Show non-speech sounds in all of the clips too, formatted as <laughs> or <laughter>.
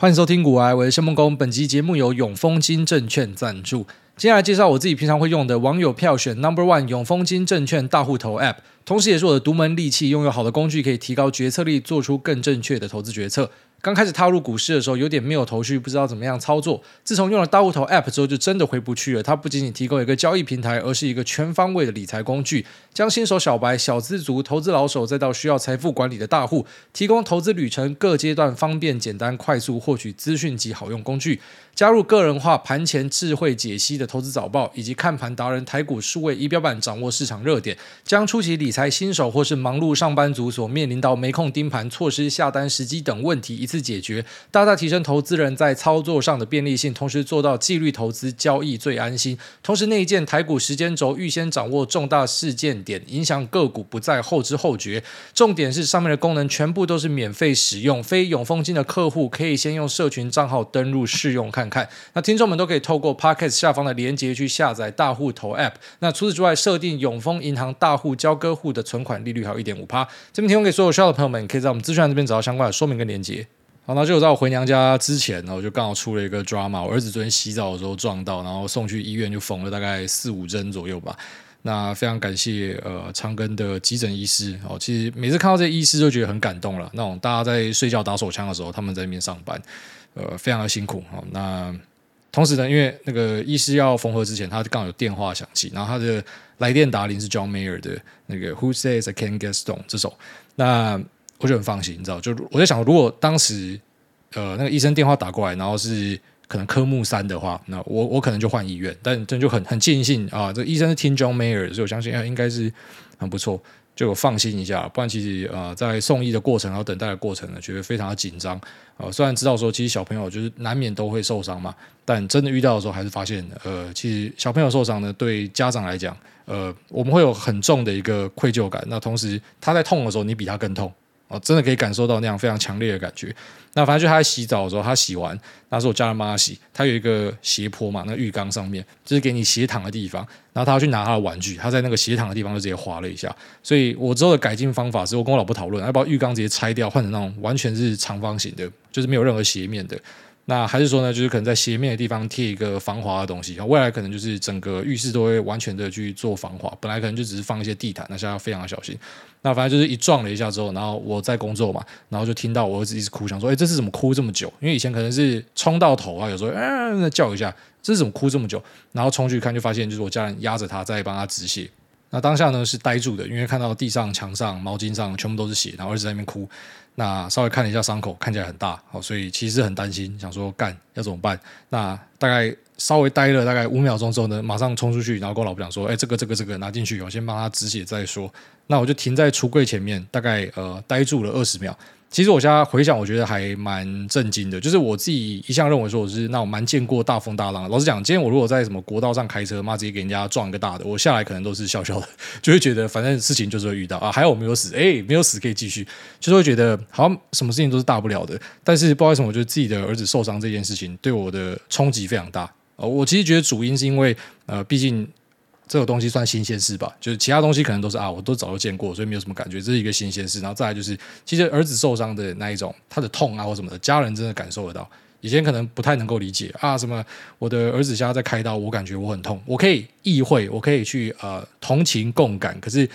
歡迎收聽股癌，我是謝孟恭。本期節目由永豐金證券贊助。接下來介紹我自己平常會用的網友票選 Number One 永豐金證券大戶投 App，同時也是我的獨門利器。擁有好的工具，可以提高決策力，做出更正確的投資決策。剛開始踏入股市的時候，有點沒有頭緒，不知道怎麼樣操作。自從用了大戶投 App 之後，就真的回不去了。它不僅僅提供一個交易平台，而是一個全方位的理財工具，將新手小白、小資族、投資老手，再到需要財富管理的大戶，提供投資旅程各階段方便、簡單、快速獲取資訊及好用工具。加入個人化盤前智慧解析的投資早報，以及看盤達人台股數位儀表板，掌握市場熱點，將初期理財新手或是忙碌上班族所面臨到沒空盯盤、錯失下單時機等問題。次解決，大大提升投資人在操作上的便利性，同時做到紀律投資交易，最安心。同時，那內建台股時間軸，預先掌握重大事件點，影響個股不再後知後覺。重點是上面的功能全部都是免費使用，非永豐金的客戶可以先用社群賬號登入試用看看。那聽眾們都可以透過 Podcast 下方的鏈接去下載大戶投 App。那除此之外，設定永豐銀行大戶交割戶的存款利率還有一點五趴。這邊提供給所有需要的朋友們，可以在我們資訊欄這邊找到相關的說明跟鏈接。好，那就在我回娘家之前，然後就剛好出了一個 drama。我兒子昨天洗澡的時候撞到，然後送去醫院就縫了大概四五針左右吧。那非常感謝呃長庚的急診醫師哦。其實每次看到這醫師，就覺得很感動了。那種大家在睡覺打手槍的時候，他們在那邊上班，呃，非常的辛苦。那同時呢，因為那個醫師要縫合之前，他剛好有電話響起，然後他的來電答鈴是 John Mayer 的那個 Who Says I Can't Get Stoned 這首。那我就很放心，你知道？就我在想，如果當時，呃，那個醫生電話打過來，然後是可能科目三的話，那我我可能就換醫院。但真的就很很慶幸啊，這個醫生是聽 John Mayer，所以我相信應該是很不錯，就放心一下。不然其實啊、呃，在送醫的過程，然後等待的過程呢，覺得非常的緊張。呃，雖然知道說其實小朋友就是難免都會受傷嘛，但真的遇到的時候，還是發現呃，其實小朋友受傷呢，對家長來講，呃，我們會有很重的一個愧疚感。那同時他在痛的時候，你比他更痛。哦，真的可以感受到那樣非常強烈的感覺。那反正就他在洗澡的時候，他洗完，那時候我叫了媽洗。他有一個斜坡嘛，那個浴缸上面就是給你斜躺的地方。然後他要去拿他的玩具，他在那個斜躺的地方就直接滑了一下。所以我之後的改進方法是我跟我老婆討論，要把浴缸直接拆掉，換成那種完全是長方形的，就是沒有任何斜面的。那還是說呢，就是可能在斜面的地方貼一個防滑的東西。未來可能就是整個浴室都會完全的去做防滑，本來可能就只是放一些地毯，那現在要非常的小心。那反正就是一撞了一下之後，然後我在工作嘛，然後就聽到我兒子一直哭，想說，哎、欸，這次怎麼哭這麼久？因為以前可能是沖到頭啊，有時候嗯那叫一下，這是怎麼哭這麼久？然後沖去看就發現就是我家人壓着他，在幫他止血。那當下呢是呆住的，因為看到地上、牆上、毛巾上全部都是血，然後一直在那邊哭。那稍微看了一下傷口，看起來很大，好，所以其實很擔心，想說幹要怎麼辦？那大概稍微待了大概五秒鐘之後呢，馬上衝出去，然後跟我老婆講說：“哎，這個這個這個拿進去，我先幫他止血再說。”那我就停在櫥櫃前面，大概呃待住了二十秒。其實我現在回想，我覺得還蠻震驚的。就是我自己一向認為說，我是那種蠻見過大風大浪。老實講，今天我如果在什麼國道上開車，媽直接給人家撞個大的，我下來可能都是笑笑的，就會覺得反正事情就是會遇到啊。還好我沒有死，哎，沒有死可以繼續，就是會覺得好像什麼事情都是大不了的。但是不知道為什麼，我覺得自己的兒子受傷這件事情對我的衝擊非常大啊。我其實覺得主因是因為呃，畢竟。這個東西算新鮮事吧，就是其他東西可能都是啊，我都早就見過，所以沒有什麼感覺，這是一個新鮮事。然後再來就是，其實兒子受傷的那一種，他的痛啊或什麼的，家人真的感受得到。以前可能不太能夠理解啊，什麼我的兒子現在在開刀，我感覺我很痛，我可以意會，我可以去呃同情共感。可是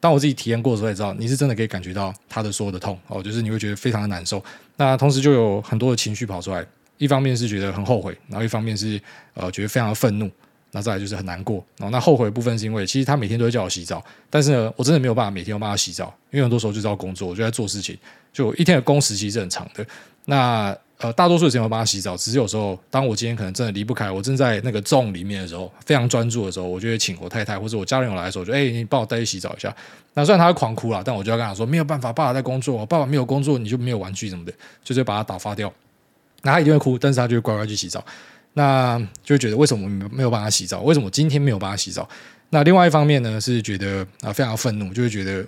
當我自己體驗過的時候，也知道你是真的可以感覺到他的所有的痛哦，就是你會覺得非常的難受。那同時就有很多的情緒跑出來，一方面是覺得很後悔，然後一方面是呃覺得非常的憤怒。那再來就是很難過，然後，哦，那後悔的部分是因為，其實他每天都會叫我洗澡，但是呢，我真的沒有辦法每天幫他他洗澡，因為很多時候就是要工作，我就在做事情，就一天的工時其實是很長的。那呃，大多數的時間我幫洗澡，只是有時候，當我今天可能真的離不開，我正在那個 zone 裡面的時候，非常專注的時候，我就會請我太太或者我家人有來的時候，我就哎、欸，你幫我帶去洗澡一下。那雖然他會狂哭了，但我就要跟他說沒有辦法，爸爸在工作，爸爸沒有工作，你就沒有玩具什麼的，就是把他打发掉。那他一定會哭，但是他就會乖乖去洗澡。那就覺得為什麼我沒有幫他洗澡？為什麼我今天沒有幫他洗澡？那另外一方面呢，是覺得啊非常憤怒，就會覺得，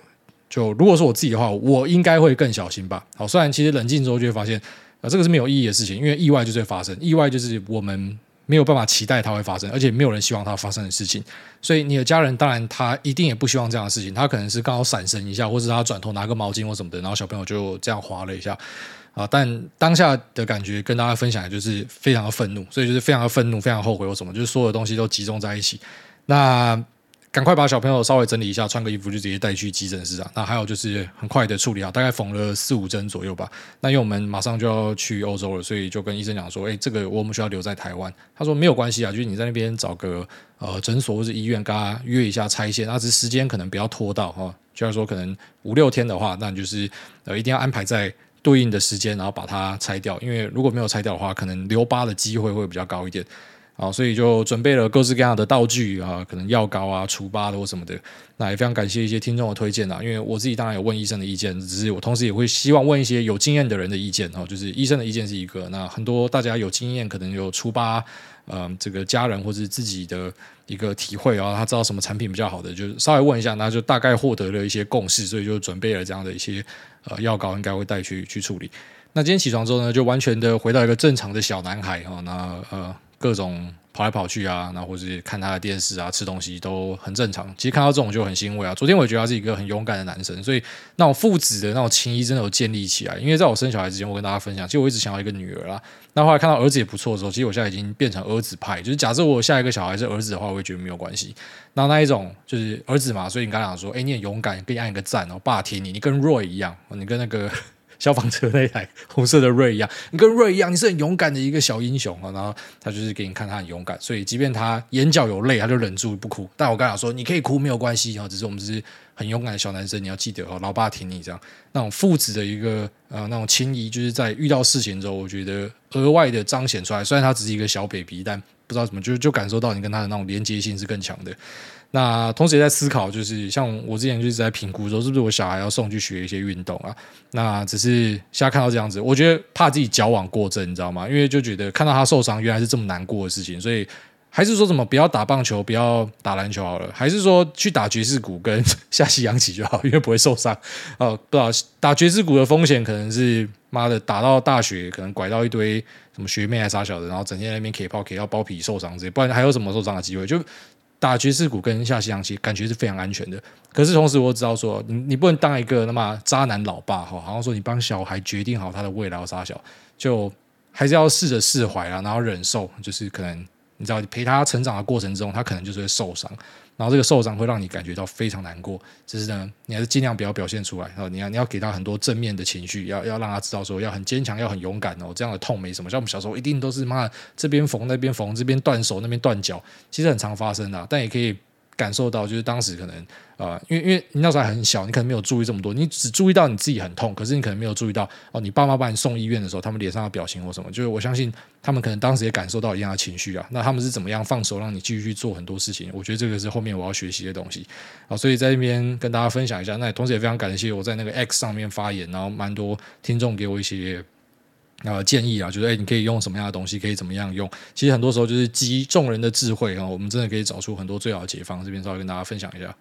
就如果說我自己的話，我應該會更小心吧。好，雖然其實冷靜之後就會發現，啊這個是沒有意義的事情，因為意外就是會發生，意外就是我們。沒有辦法期待它會發生，而且沒有人希望它發生的事情。所以你的家人當然他一定也不希望這樣的事情。他可能是剛好閃神一下，或者他轉頭拿個毛巾或什麼的，然後小朋友就這樣滑了一下啊。但當下的感覺跟大家分享的就是非常的憤怒，所以就是非常的憤怒，非常後悔或者什麼，就是所有的東西都集中在一起。那。趕快把小朋友稍微整理一下，穿個衣服就直接帶去急診室啊。那還有就是很快的處理啊，大概縫了四五針左右吧。那因為我們馬上就要去歐洲了，所以就跟醫生講說，哎、欸，這個我,我們需要留在台灣。他說沒有關係啊，就是你在那邊找個呃診所或者醫院，跟他約一下拆線。那、啊、只是時間可能不要拖到哈，就、哦、是說可能五六天的話，那你就是呃一定要安排在對應的時間，然後把它拆掉。因為如果沒有拆掉的話，可能留疤的機會會,會比較高一點。好，所以就準備了各式各樣的道具啊，可能藥膏啊、除疤的或什麼的。那也非常感謝一些聽眾的推薦啊，因為我自己當然有問醫生的意見，只是我同時也會希望問一些有經驗的人的意見哈、哦，就是醫生的意見是一個，那很多大家有經驗，可能有除疤，呃，這個家人或是自己的一個體會啊、哦，他知道什麼產品比較好的，就是稍微問一下，那就大概獲得了一些共識，所以就準備了這樣的一些呃藥膏應，應該會帶去去處理。那今天起床之後呢，就完全的回到一個正常的小男孩啊、哦，那呃。各種跑來跑去啊，然後或是看他的電視啊，吃東西都很正常。其實看到這種就很欣慰啊。昨天我也覺得他是一個很勇敢的男生，所以那種父子的那種情誼真的有建立起來。因為在我生小孩之前，我跟大家分享，其實我一直想要一個女兒啦。那後來看到兒子也不錯的時候，其實我現在已經變成兒子派。就是假設我下一個小孩是兒子的話，我也覺得沒有關係。那那一種就是兒子嘛，所以你剛想講說，哎、欸，你很勇敢，給你按一個讚哦、喔，爸，挺你，你跟 Roy 一樣，你跟那個。消防車那台紅色的瑞一樣，你跟瑞一樣，你是很勇敢的一個小英雄，然後他就是給你看他很勇敢，所以即便他眼角有淚，他就忍住不哭。但我剛才說，你可以哭，沒有關係，只是我們是很勇敢的小男生，你要記得哦，老爸挺你這樣。那種父子的一個呃那種情誼，就是在遇到事情之後，我覺得額外的彰顯出來。雖然他只是一個小北鼻，但不知道怎麼就就感受到你跟他的那種連接性是更強的。那同時也在思考，就是像我之前就一直在評估說，是不是我小孩要送去學一些運動啊？那只是現在看到這樣子，我覺得怕自己矯枉過正，你知道嗎？因為就覺得看到他受傷，原來是這麼難過的事情，所以還是說什麼不要打棒球，不要打籃球好了，還是說去打爵士鼓跟 <laughs> 下西洋棋就好，因為不會受傷。哦，不知道打爵士鼓的風險可能是媽的打到大學，可能拐到一堆什麼學妹還啥小的，然後整天在那邊開炮開到包皮受傷這些，不然還有什麼受傷的機會？就。打爵士鼓跟下西洋棋，感覺是非常安全的。可是同時，我知道說，你你不能當一個那麼渣男老爸，好然後說你幫小孩決定好他的未來。殺小，就還是要試着釋懷，然後忍受，就是可能你知道，陪他成長的過程中，他可能就是會受傷。然後這個受傷，會讓你感覺到非常難過，就是呢，你還是盡量不要表現出來。哦，你要，你要給他很多正面的情緒，要要讓他知道說要很堅強，要很勇敢哦。這樣的痛沒什麼，像我們小時候一定都是媽，這邊縫那邊縫，這邊斷手那邊斷腳，其實很常發生的，但也可以。感受到就是當時可能啊、呃，因為因為你那時候還很小，你可能沒有注意這麼多，你只注意到你自己很痛，可是你可能沒有注意到哦，你爸媽把你送醫院的時候，他們臉上的表情或什麼，就是我相信他們可能當時也感受到一樣的情緒啊。那他們是怎麼樣放手讓你繼續去做很多事情？我覺得這個是後面我要學習的東西啊、哦。所以在這邊跟大家分享一下。那同時也非常感謝我在那個 X 上面發言，然後蠻多聽眾給我一些。啊，建議啊，就是哎、欸，你可以用什麼樣的東西，可以怎麼樣用？其實很多時候就是集眾人的智慧啊，我們真的可以找出很多最好的解方。這邊稍微跟大家分享一下。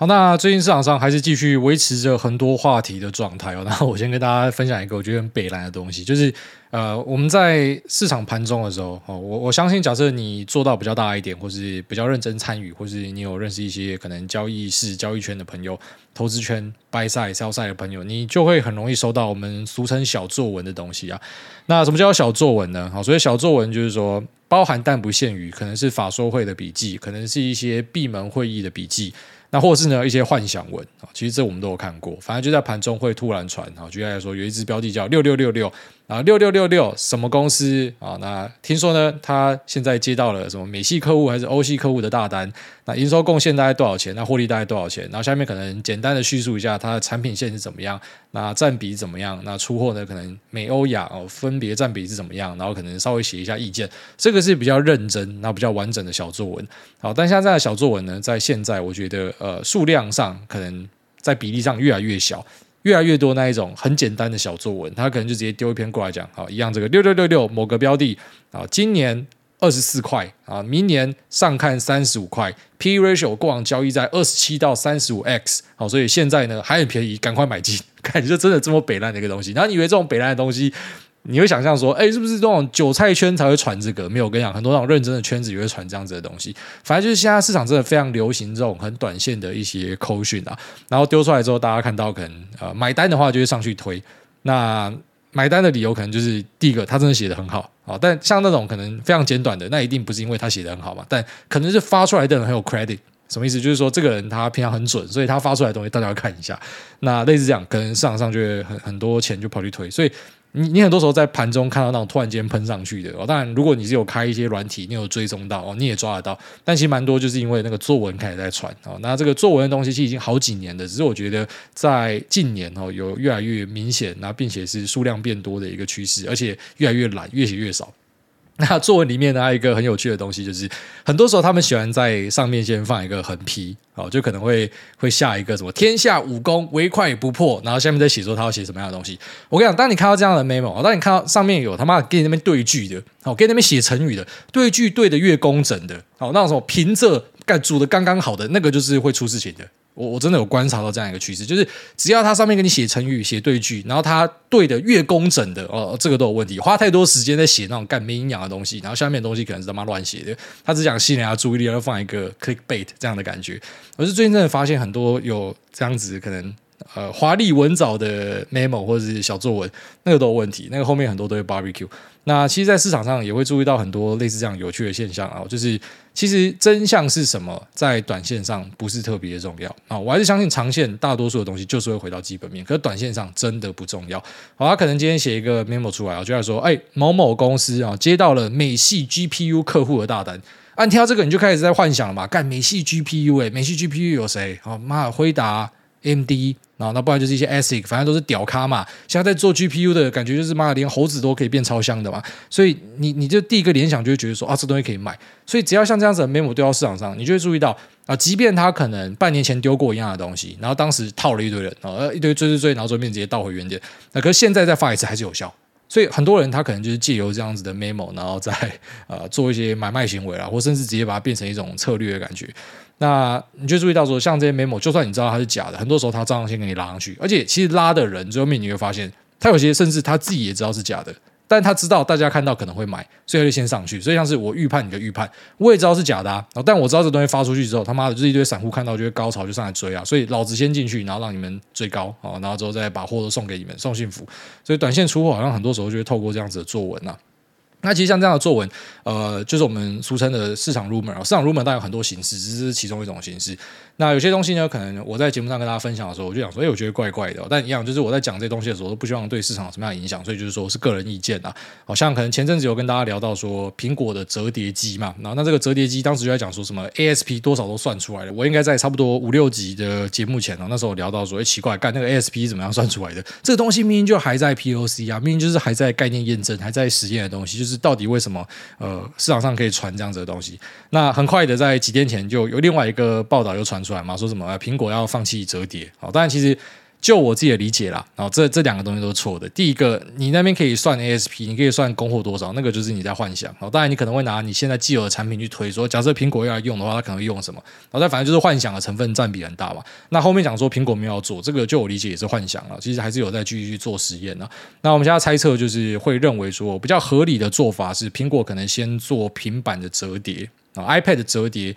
好，那最近市場上還是繼續維持着很多話題的狀態哦。那我先跟大家分享一個我覺得很北爛的東西，就是呃，我們在市場盤中的時候、哦、我我相信，假設你做到比較大一點，或是比較認真參與，或是你有認識一些可能交易室、交易圈的朋友、投資圈 buy side sell side 的朋友，你就會很容易收到我們俗稱小作文的東西啊。那什麼叫小作文呢？所以小作文就是說，包含但不限於，可能是法說會的筆記，可能是一些閉門會議的筆記。那或是呢，一些幻想文啊，其實這我們都有看過，反正就在盤中會突然傳啊，舉例來說，有一隻標的叫六六六六。啊，六六六六，什麼公司啊、哦？那聽說呢，他現在接到了什麼美系客戶還是歐系客戶的大單？那營收貢獻大概多少錢？那獲利大概多少錢？然後下面可能簡單的敘述一下它的產品線是怎麼樣，那占比怎麼樣？那出貨呢？可能美歐亞哦，分別占比是怎麼樣？然後可能稍微寫一下意見，這個是比較認真，那比較完整的小作文。好，但現在這樣的小作文呢，在現在我覺得呃數量上可能在比例上越來越小。越來越多那一種很簡單的小作文，他可能就直接丟一篇過來講，好，一樣這個六六六六某個標的啊，今年二十四塊啊，明年上看三十五塊，PE ratio 過往交易在二十七到三十五 x，好，所以現在呢還很便宜，趕快買進，感覺就真的這麼北爛的一個東西，然後你以為這種北爛的東西。你會想象說，哎、欸，是不是這種韭菜圈才會傳這個？沒有，我跟你講，很多那種認真的圈子也會傳這樣子的東西。反正就是現在市場真的非常流行這種很短線的一些口訊啊，然後丟出來之後，大家看到可能呃買單的話就會上去推。那買單的理由可能就是第一個，他真的寫得很好啊、哦。但像那種可能非常簡短的，那一定不是因為他寫得很好嘛。但可能是發出來的人很有 credit，什麼意思？就是說這個人他平常很準，所以他發出來的東西大家要看一下。那類似這樣，可能市場上就會很很多錢就跑去推，所以。你你很多時候在盤中看到那種突然間噴上去的哦，當然如果你是有開一些軟體，你有追蹤到哦，你也抓得到，但其實蠻多就是因為那個作文開始在傳哦，那這個作文的東西其實已經好幾年了，只是我覺得在近年哦有越來越明顯，那並且是數量變多的一個趨勢，而且越來越懶，越寫越少。那作文裡面呢，還有一個很有趣的東西，就是很多時候他們喜歡在上面先放一個橫批，哦，就可能會會下一個什麼“天下武功，唯快不破”，然後下面再寫說他要寫什麼樣的東西。我跟你講，當你看到這樣的 memo，當你看到上面有他媽給你那邊對句的，哦，給你那邊寫成語的，對句對得越工整的，哦，那種平仄蓋住的剛剛好的，那個就是會出事情的。我我真的有觀察到這樣一個趨勢，就是只要他上面給你寫成語、寫對句，然後他對得越工整的，哦、呃，這個都有問題，花太多時間在寫那種乾沒營養的東西，然後下面的東西可能是他媽亂寫的，他只想吸引人家注意力，要放一個 click bait 這樣的感覺。我是最近真的發現很多有這樣子可能。呃，華麗文藻的 memo 或者是小作文，那個都有問題。那個後面很多都是 barbecue。那其實，在市場上也會注意到很多類似這樣有趣的現象啊、哦，就是其實真相是什麼，在短線上不是特別的重要啊、哦。我還是相信長線，大多數的東西就是會回到基本面。可是短線上真的不重要。好、哦，他、啊、可能今天寫一個 memo 出來，啊、哦，就要說，哎、欸，某某公司啊、哦，接到了美系 GPU 客戶的大單。按、啊、跳這個，你就開始在幻想了嘛？幹美系 GPU 誒、欸、美系 GPU 有誰？好、哦，媽回答。M D 啊，AMD, 那不然就是一些 ASIC，反正都是屌咖嘛。現在在做 G P U 的感覺就是，媽的，連猴子都可以變超香的嘛。所以你你就第一個聯想就會覺得說，啊，這東西可以賣。所以只要像這樣子的 memo 丟到市場上，你就會注意到啊、呃，即便他可能半年前丟過一樣的東西，然後當時套了一堆人，啊，一堆追追追，然後最後面直接倒回原點。那、啊、可是現在再發一次還是有效。所以很多人他可能就是借由這樣子的 memo，然後再啊、呃、做一些買賣行為啦，或甚至直接把它變成一種策略的感覺。那你就注意到說，像這些 memo，就算你知道它是假的，很多時候他照樣先給你拉上去。而且，其實拉的人最後面你會發現，他有些甚至他自己也知道是假的，但他知道大家看到可能會買，所以他就先上去。所以像是我預判你的預判，我也知道是假的啊，啊、哦。但我知道這東西發出去之後，他媽的就是一堆散戶看到就會高潮就上來追啊，所以老子先進去，然後讓你們追高啊、哦，然後之後再把貨都送給你們，送幸福。所以短線出貨好像很多時候就會透過這樣子的作文啊。那其實像這樣的作文，呃，就是我們俗稱的市場 rumor 啊，市場 rumor 當然有很多形式，只是其中一種形式。那有些東西呢，可能我在節目上跟大家分享的時候，我就想說，哎、欸，我覺得怪怪的。但一樣，就是我在講這些東西的時候，都不希望對市場有什麼樣的影響，所以就是說是個人意見啊。好像可能前陣子有跟大家聊到說，蘋果的折疊機嘛，然後那這個折疊機當時就在講說什麼 ASP 多少都算出來的，我應該在差不多五六集的節目前呢，那時候聊到說，哎、欸，奇怪，幹那個 ASP 是怎麼樣算出來的？這個東西明明就還在 POC 啊，明明就是還在概念驗證、還在實驗的東西，就是。是到底為什麼？呃，市場上可以傳這樣子的東西，那很快的在幾天前就有另外一個報道又傳出來嘛，說什麼，啊，蘋果要放棄折疊。好，當然其實。就我自己的理解啦，哦，這這兩個東西都是錯的。第一個，你那邊可以算 ASP，你可以算供貨多少，那個就是你在幻想，哦。當然你可能會拿你現在既有的產品去推說，說假設蘋果要來用的話，它可能會用什麼？然後、哦、但反正就是幻想的成分占比很大嘛。那後面講說蘋果沒有做，這個就我理解也是幻想了。其實還是有在繼續去做實驗呢。那我們現在猜測就是會認為說，比較合理的做法是蘋果可能先做平板的折疊、哦、iPad 的折疊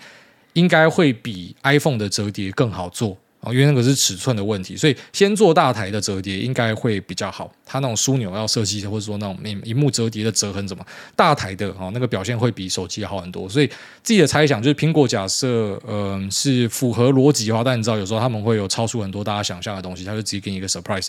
應該會比 iPhone 的折疊更好做。因為那個是尺寸的問題，所以先做大台的折疊應該會比較好。它那種樞紐要設計，或者說那種螢幕折疊的折痕怎麼大台的哦，那個表現會比手機好很多。所以自己的猜想就是，蘋果假設嗯、呃、是符合邏輯的話，但你知道有時候他們會有超出很多大家想象的東西，他就直接給你一個 surprise。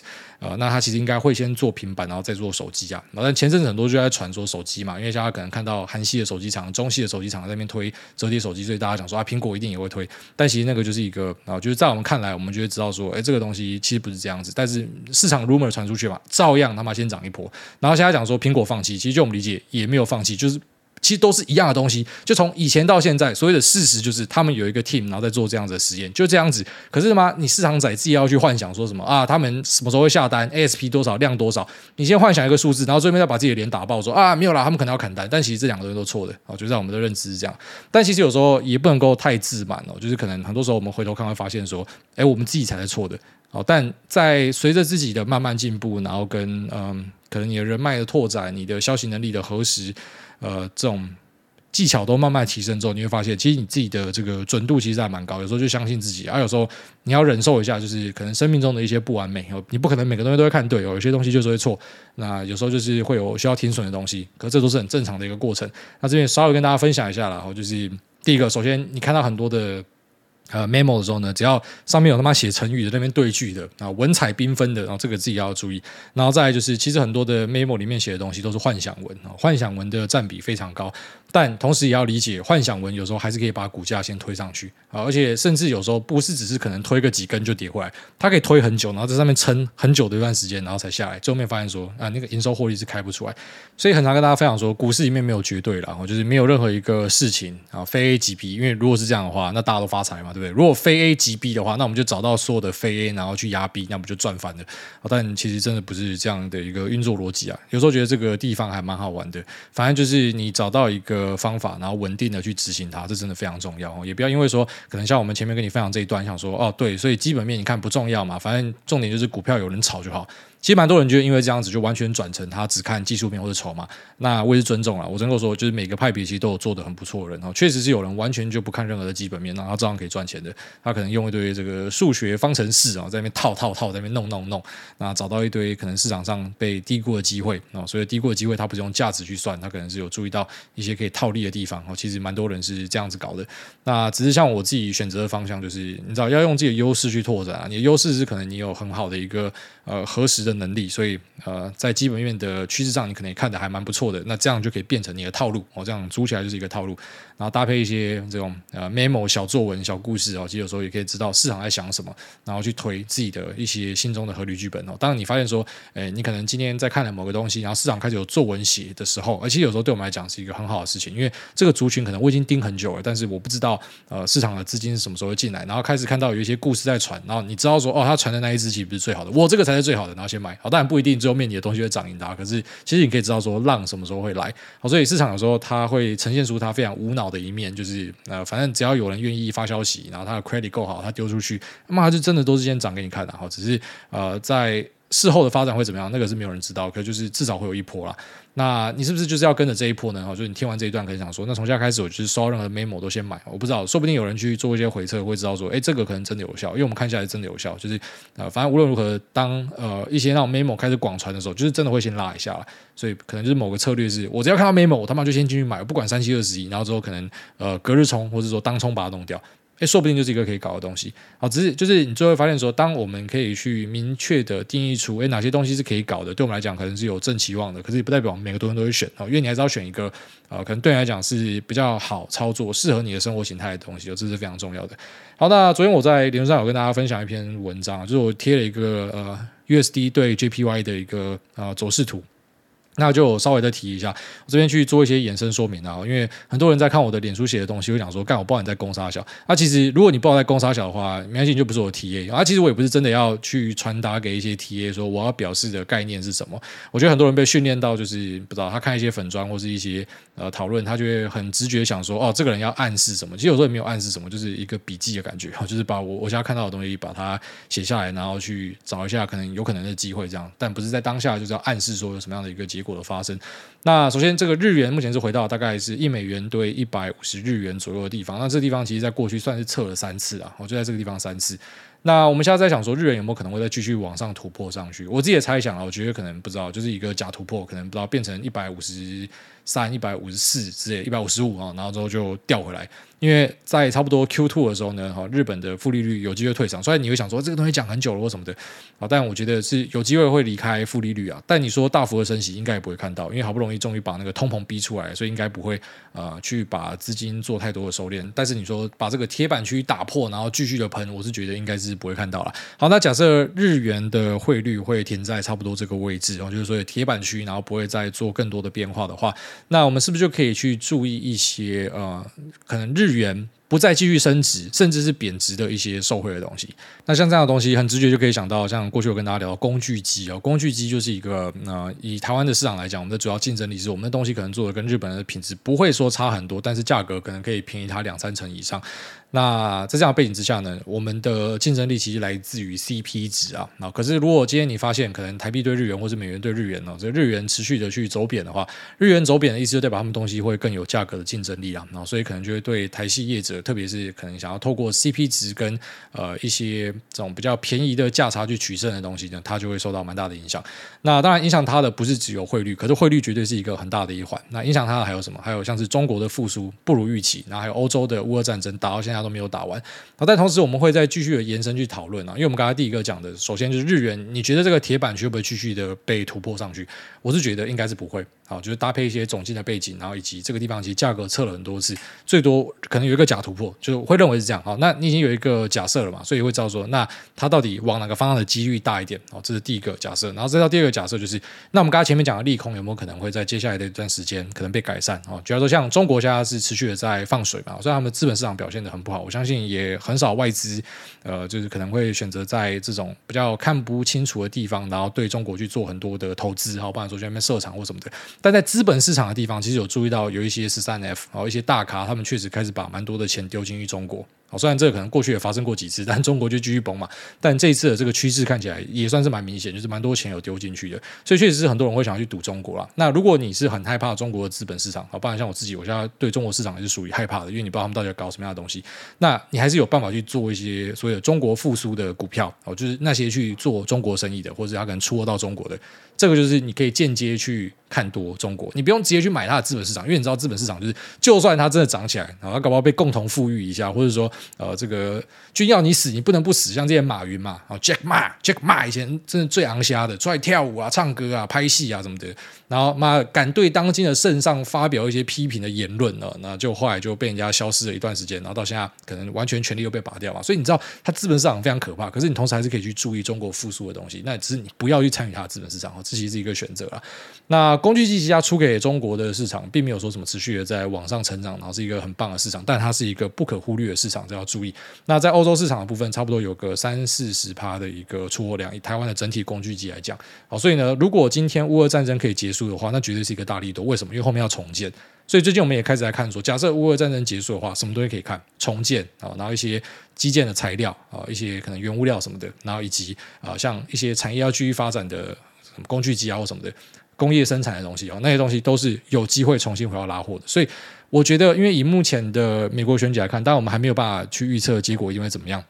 呃，那它其實應該會先做平板，然後再做手機啊。然後前陣子很多就在傳說手機嘛，因為大家可能看到韓系的手機廠、中系的手機廠在那邊推摺疊手機，所以大家講說啊，蘋果一定也會推。但其實那個就是一個啊，就是在我們看來，我們就會知道說，哎，這個東西其實不是這樣子。但是市場 rumor 傳出去嘛，照樣他媽先漲一波。然後現在講說蘋果放棄，其實就我們理解也沒有放棄，就是。其實都是一樣的東西，就從以前到現在，所謂的事實就是他們有一個 team，然後在做這樣子的實驗，就這樣子。可是嘛，你市場仔自己要去幻想說什麼啊？他們什麼時候會下單？ASP 多少量多少？你先幻想一個數字，然後最後面再把自己的臉打爆，說啊，沒有啦，他們可能要砍單。但其實這兩個東西都錯的，就在我們的認知是這樣。但其實有時候也不能夠太自滿哦，就是可能很多時候我們回頭看會發現說，哎，我們自己才是錯的。但在隨着自己的慢慢進步，然後跟嗯，可能你的人脈的拓展，你的消息能力的核實。呃，這種技巧都慢慢提升之後，你會發現，其實你自己的這個準度其實還蠻高。有時候就相信自己，而、啊、有時候你要忍受一下，就是可能生命中的一些不完美。你不可能每個東西都會看對，有些東西就是會錯。那有時候就是會有需要停損的東西，可是這都是很正常的一個過程。那這邊稍微跟大家分享一下啦，就是第一個，首先你看到很多的。呃，memo 的時候呢，只要上面有他媽寫成語的那邊對句的啊，文采繽紛的，然後這個自己要注意。然後再來就是，其實很多的 memo 裡面寫的東西都是幻想文，幻想文的佔比非常高。但同時也要理解，幻想文有時候還是可以把股價先推上去啊，而且甚至有時候不是只是可能推個幾根就跌回來，它可以推很久，然後在上面撐很久的一段時間，然後才下來，最後面發現說啊那個營收獲利是開不出來，所以很常跟大家分享說，股市裡面沒有絕對啦，我就是沒有任何一個事情啊非 A 即 B，因為如果是這樣的話，那大家都發財嘛，對不對？如果非 A 即 B 的話，那我們就找到所有的非 A，然後去壓 B，那不就賺翻了？但其實真的不是這樣的一個運作邏輯啊，有時候覺得這個地方還蠻好玩的，反正就是你找到一個。的方法，然後穩定的去執行它，這真的非常重要哦。也不要因為說，可能像我們前面跟你分享這一段，想說哦，對，所以基本面你看不重要嘛，反正重點就是股票有人炒就好。其實蠻多人就因為這樣子，就完全轉成他只看技術面或者籌碼。那我也是尊重啦，我真的說，就是每個派別其實都有做得很不錯的人哦。確實是有人完全就不看任何的基本面，然後照樣可以賺錢的。他可能用一堆這個數學方程式啊，然後在那邊套套套，在那邊弄弄弄，那找到一堆可能市場上被低估的機會哦，所以低估的機會，他不是用價值去算，他可能是有注意到一些可以。套利的地方哦，其實蠻多人是這樣子搞的。那只是像我自己選擇的方向，就是你知道，要用自己的優勢去拓展啊，你的優勢是可能你有很好的一個呃核實的能力，所以呃在基本面的趨勢上，你可能也看得還蠻不錯的。那這樣就可以變成你的套路哦，這樣做起來就是一個套路。然後搭配一些這種呃 memo 小作文、小故事哦，其實有時候也可以知道市場在想什麼，然後去推自己的一些心中的合理劇本哦。當然，你發現說，哎，你可能今天在看了某個東西，然後市場開始有作文寫的時候，而且有時候對我們來講是一個很好的事情，因為這個族群可能我已經盯很久了，但是我不知道呃市場的資金是什麼時候會進來，然後開始看到有一些故事在傳，然後你知道說哦，他傳的那一隻其實不是最好的，我這個才是最好的，然後先買。好，當然不一定最後面你的東西會漲贏它，可是其實你可以知道說浪什麼時候會來。好，所以市場有時候它會呈現出它非常無腦。好的一面就是，呃，反正只要有人願意發消息，然後他的 credit 夠好，他丟出去，那麼就真的都是先漲給你看的啊，然後只是呃，在。事後的發展會怎麼樣？那個是沒有人知道，可就是至少會有一波啦。那你是不是就是要跟着這一波呢？哈，就是你聽完這一段，可以想說，那從現在開始，我就是收到任何的 memo 都先買。我不知道，說不定有人去做一些回測，會知道說，哎、欸，這個可能真的有效，因為我們看起來真的有效。就是呃，反正無論如何，當呃一些那種 memo 開始廣傳的時候，就是真的會先拉一下了。所以可能就是某個策略是，我只要看到 memo，我他媽就先進去買，我不管三七二十一，然後之後可能呃隔日衝，或者說當衝把它弄掉。哎、欸，說不定就是一個可以搞的東西，好，只是就是你最後發現說，當我們可以去明確的定義出，哎、欸，哪些東西是可以搞的，對我們來講可能是有正期望的，可是也不代表每個東西都會選、哦、因為你還是要選一個、呃，可能對你來講是比較好操作、適合你的生活形態的東西，哦、這是非常重要的。好，那昨天我在連線上有跟大家分享一篇文章，就是我貼了一個呃 USD 對 JPY 的一個呃走勢圖。那就稍微再提一下，我這邊去做一些延伸說明啊，因為很多人在看我的臉書寫的東西，會想說，幹我不好在攻殺小。那、啊、其實如果你不好在攻殺小的話，明顯就不是我 T A。啊，其實我也不是真的要去傳達給一些 T A 說我要表示的概念是什麼。我覺得很多人被訓練到，就是不知道他看一些粉專或是一些呃討論，他就會很直覺想說，哦，這個人要暗示什麼。其實有時候也沒有暗示什麼，就是一個筆記的感覺，就是把我我現在看到的東西把它寫下來，然後去找一下可能有可能的機會這樣，但不是在當下就是要暗示說有什麼樣的一個結果。果的發生，那首先這個日元目前是回到大概是一美元兌一百五十日元左右的地方，那這地方其實在過去算是測了三次啊，我就在這個地方三次。那我們現在在想說，日元有沒有可能會再繼續往上突破上去？我自己也猜想啊，我覺得可能不知道，就是一個假突破，可能不知道變成一百五十三、一百五十四之類、一百五十五啊，然後之後就掉回來。因為在差不多 Q2 的時候呢，哈，日本的負利率有機會退場，所以你會想說這個東西講很久了或什麼的啊，但我覺得是有機會會離開負利率啊。但你說大幅的升息應該也不會看到，因為好不容易終於把那個通膨逼出來，所以應該不會啊、呃、去把資金做太多的收斂。但是你說把這個鐵板區打破，然後繼續的噴，我是覺得應該是不會看到了。好，那假設日元的匯率會停在差不多這個位置，然後就是說鐵板區，然後不會再做更多的變化的話，那我們是不是就可以去注意一些呃，可能日元不再繼續升值，甚至是貶值的一些受惠的東西。那像這樣的東西，很直覺就可以想到，像過去我跟大家聊的工具機啊，工具機就是一個、呃、以台灣的市場來講，我們的主要競爭力是我們的東西可能做的跟日本人的品質不會說差很多，但是價格可能可以便宜它兩三成以上。那在這樣的背景之下呢，我們的競爭力其實來自於 CP 值啊。那可是如果今天你發現可能台幣對日元或是美元對日元哦，這日元持續的去走貶的話，日元走貶的意思就代表他們東西會更有價格的競爭力啊。那所以可能就會對台系業者，特別是可能想要透過 CP 值跟呃一些這種比較便宜的價差去取勝的東西呢，它就會受到蠻大的影響。那當然影響它的不是只有匯率，可是匯率絕對是一個很大的一環。那影響它的還有什麼？還有像是中國的復甦不如預期，然後還有歐洲的烏俄戰爭打到現在。都沒有打完啊。但同時，我們會再繼續的延伸去討論啊。因為我們剛才第一個講的，首先就是日元，你覺得這個鐵板會不會繼續的被突破上去？我是覺得應該是不會。好，就是搭配一些總經的背景，然後以及這個地方其實價格測了很多次，最多可能有一個假突破，就是會認為是這樣。好、哦，那你已經有一個假設了嘛？所以會知道說，那它到底往哪個方向的幾率大一點？哦，這是第一個假設。然後再到第二個假設，就是那我們剛才前面講的利空有沒有可能會在接下來的一段時間可能被改善？哦，主要說像中國現在是持續的在放水嘛，所以他們資本市場表現得很不好。我相信也很少外資，呃，就是可能會選擇在這種比較看不清楚的地方，然後對中國去做很多的投資。好、哦，不然說前面設廠或什麼的。但在資本市場的地方，其實有注意到有一些十三 F，然後一些大咖他們確實開始把蠻多的錢丟進去中國。雖然這個可能過去也發生過幾次，但中國就繼續崩嘛。但這一次的這個趨勢看起來也算是蠻明顯，就是蠻多錢有丟進去的。所以確實是很多人會想要去賭中國啦。那如果你是很害怕中國的資本市場，不然像我自己，我現在對中國市場也是屬於害怕的，因為你不知道他們到底要搞什麼樣的東西。那你還是有辦法去做一些所謂的中國復甦的股票哦，就是那些去做中國生意的，或者他可能出貨到中國的。這個就是你可以間接去看多中國，你不用直接去買它的資本市場，因為你知道資本市場就是，就算它真的漲起來，然後它搞不好被共同富裕一下，或者說呃這個君要你死，你不能不死，像這些馬雲嘛，啊、哦、Jack Ma，Jack Ma 以前真的最昂蝦的，出來跳舞啊、唱歌啊、拍戲啊什麼的。然後嘛，敢對當今的聖上發表一些批評的言論了，那就後來就被人家消失了一段時間，然後到現在可能完全權力又被拔掉嘛。所以你知道，它資本市場非常可怕，可是你同時還是可以去注意中國復甦的東西。那只是你不要去參與它的資本市場，哦，這其實是一個選擇啊。那工具機其實出給中國的市場，並沒有說什麼持續的在往上成長，然後是一個很棒的市場，但它是一個不可忽略的市場，這要注意。那在歐洲市場的部分，差不多有個三四十趴的一個出貨量，以台灣的整體工具機來講，好，所以呢，如果今天烏俄戰爭可以結束數的話，那絕對是一個大利多。為什麼？因為後面要重建，所以最近我們也開始來看說，假設烏俄戰爭結束的話，什麼東西可以看重建啊？然後一些基建的材料啊，一些可能原物料什麼的，然後以及啊，像一些產業要繼續發展的工具機啊或什麼的工業生產的東西啊，那些東西都是有機會重新回到拉貨的。所以我覺得，因為以目前的美國選舉來看，當然我們還沒有辦法去預測結果因為怎麼樣。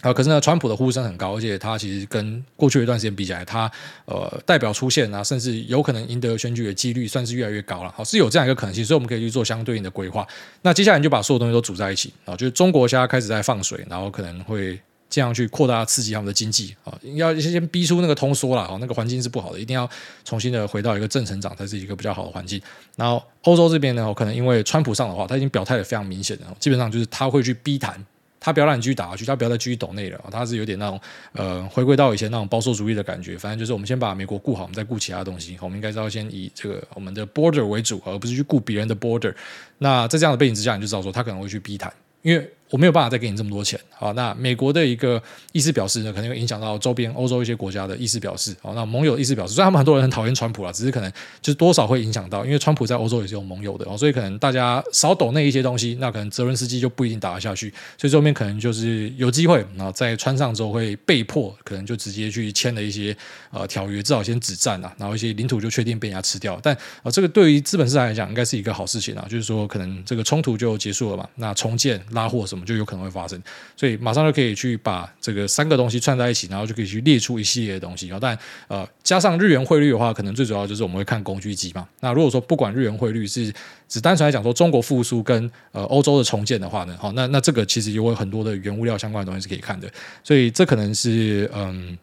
啊，可是呢，川普的呼聲很高，而且他其實跟過去一段時間比起來，他呃代表出現啊，甚至有可能贏得選舉的幾率算是越來越高了。好，是有這樣一個可能性，所以我們可以去做相對應的規劃。那接下來你就把所有東西都組在一起啊，就是中國現在開始在放水，然後可能會這樣去擴大刺激他們的經濟啊，要先先逼出那個通縮了啊，那個環境是不好的，一定要重新的回到一個正成長才是一個比較好的環境。然後歐洲這邊呢，可能因為川普上的話，他已經表態的非常明顯，基本上就是他會去逼談。他不要讓你繼續打下去，他不要再繼續抖內了，他是有點那種呃，回歸到以前那種保守主義的感覺。反正就是我們先把美國顧好，我們再顧其他東西。我們應該是要先以這個我們的 border 為主，而不是去顧別人的 border。那在這樣的背景之下，你就知道說他可能會去逼談，因為。我沒有辦法再給你這麼多錢，好，那美國的一個意思表示呢，可能會影響到周邊歐洲一些國家的意思表示，好，那盟友的意思表示，雖然他們很多人很討厭川普啊，只是可能就是多少會影響到，因為川普在歐洲也是有盟友的，所以可能大家少懂那一些東西，那可能澤倫斯基就不一定打得下去，所以後面可能就是有機會啊，然後在川上周會被迫可能就直接去簽了一些呃條約，至少先止戰啦，然後一些領土就確定被人家吃掉。但啊、呃，這個對於資本市場來講，應該是一個好事情啊，就是說可能這個衝突就結束了嘛，那重建拉貨什麼。我們就有可能會發生，所以馬上就可以去把這個三個東西串在一起，然後就可以去列出一系列的東西。然後，但呃，加上日元匯率的話，可能最主要就是我們會看工具機嘛。那如果說不管日元匯率是只單純來講說中國復甦跟呃歐洲的重建的話呢，好，那那這個其實有很多的原物料相關的東西是可以看的。所以這可能是嗯。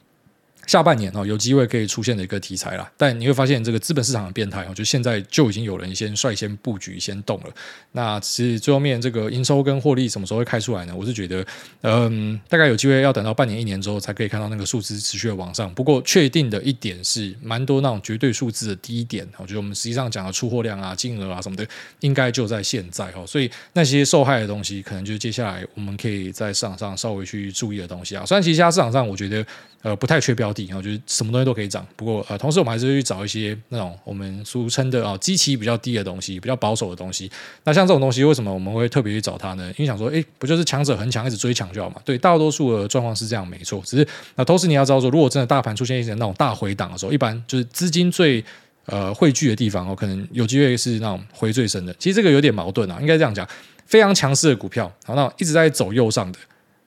下半年哦，有機會可以出現的一個題材啦。但你會發現，這個資本市場的變態，我就現在就已經有人先率先布局、先動了。那其實最後面，這個營收跟獲利什麼時候會開出來呢？我是覺得，嗯，大概有機會要等到半年、一年之後，才可以看到那個數字持續的往上。不過，確定的一點是，蠻多那種絕對數字的低點，我覺得我們實際上講的出貨量啊、金額啊什麼的，應該就在現在哦。所以，那些受害的東西，可能就是接下來我們可以在市場上稍微去注意的東西啊。雖然其實它市場上，我覺得。呃，不太缺標的，然、哦、後就是什麼東西都可以漲。不過，呃，同時我們還是會去找一些那種我們俗稱的啊、哦，基期比較低的東西，比較保守的東西。那像這種東西，為什麼我們會特別去找它呢？因為想說，哎、欸，不就是強者恆強，一直追強就好嘛？對，大多數的狀況是這樣，沒錯。只是，那同時你要知道說，如果真的大盤出現一些那種大回檔的時候，一般就是資金最呃匯聚的地方哦，可能有機會是那種回最深的。其實這個有點矛盾啊，應該這樣講：非常強勢的股票，好，那一直在走右上的。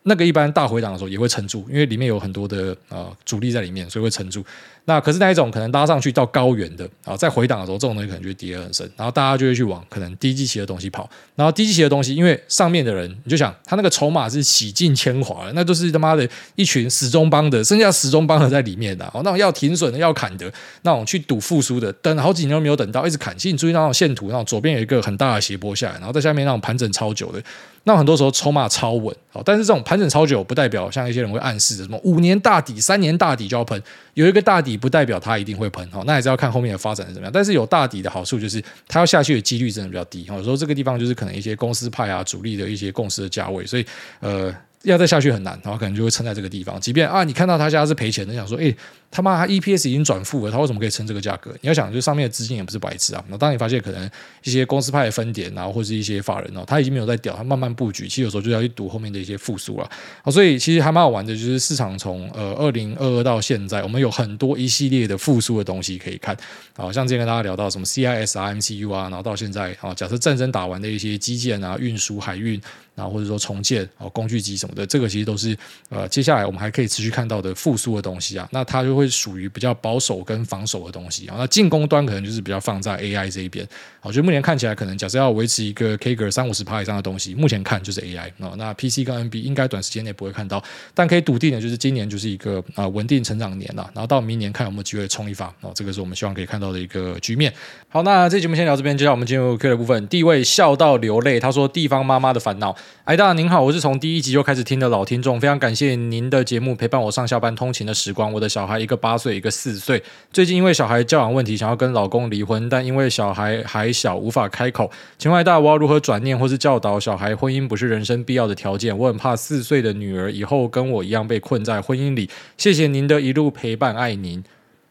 那個一般大回檔的時候也會撐住，因為裡面有很多的啊呃、主力在裡面，所以會撐住。那可是那一種可能搭上去到高原的然後再回檔的時候，這種東西可能就會跌得很深，然後大家就會去往可能低基期的東西跑。然後低基期的東西，因為上面的人，你就想他那個籌碼是洗盡鉛華的，那就是他媽的一群死忠幫的，剩下死忠幫的在裡面的、啊、哦。那種要停損的，要砍的，那種去賭復蘇的，等好幾年都沒有等到，一直砍。其實你注意那種線圖，那種左邊有一個很大的斜坡下來，然後在下面那種盤整超久的，那很多時候籌碼超穩。好，但是這種盤整超久不代表像一些人會暗示的什麼五年大底、三年大底就要噴，有一個大底。不代表它一定會噴哈，那還是要看後面的發展是怎麼樣。但是有大底的好處就是，它要下去的幾率真的比較低。有時候這個地方就是可能一些公司派啊，主力的一些共識的價位，所以呃，要再下去很難，然後可能就會撐在這個地方。即便啊，你看到他家是賠錢的，你想說誒。欸他媽，他 EPS 已經轉負了，他為什麼可以撐這個價格？你要想，就上面的資金也不是白痴啊。那當然你發現可能一些公司派的分點啊，或是一些法人哦、啊，他已經沒有在屌，他慢慢布局。其實有時候就要去賭後面的一些復蘇了啊。好，所以其實還蠻好玩的，就是市場從呃二零二二到現在，我們有很多一系列的復蘇的東西可以看。好，像之前跟大家聊到什麼 CIS、IMCU 啊，然後到現在啊、哦，假設戰爭打完的一些基建啊、運輸、海運，然後或者說重建啊、工具機什麼的，這個其實都是呃接下來我們還可以持續看到的復蘇的東西啊。那它就會屬於比較保守跟防守的東西、啊，然後進攻端可能就是比較放在 AI 這一邊。我覺得目前看起來，可能假設要維持一個 Kicker 三五十趴以上的東西，目前看就是 AI 哦。那 PC 跟 NB 應該短時間內不會看到，但可以篤定的就是今年就是一個啊穩、呃、定成長年了、啊。然後到明年看有沒有機會衝一發哦，這個是我們希望可以看到的一個局面。好，那這節目先聊這邊，接下來我們進入 Q 的部分。第一位笑到流淚，他說地方媽媽的煩惱。哎大您好，我是從第一集就開始聽的老聽眾，非常感謝您的節目陪伴我上下班通勤的時光。我的小孩。一個八歲，一個四歲。最近因為小孩教養問題，想要跟老公離婚，但因為小孩還小，無法開口。請問大家，我要如何轉念或是教導小孩？婚姻不是人生必要的條件。我很怕四歲的女兒以後跟我一樣被困在婚姻裡。謝謝您的一路陪伴，愛您。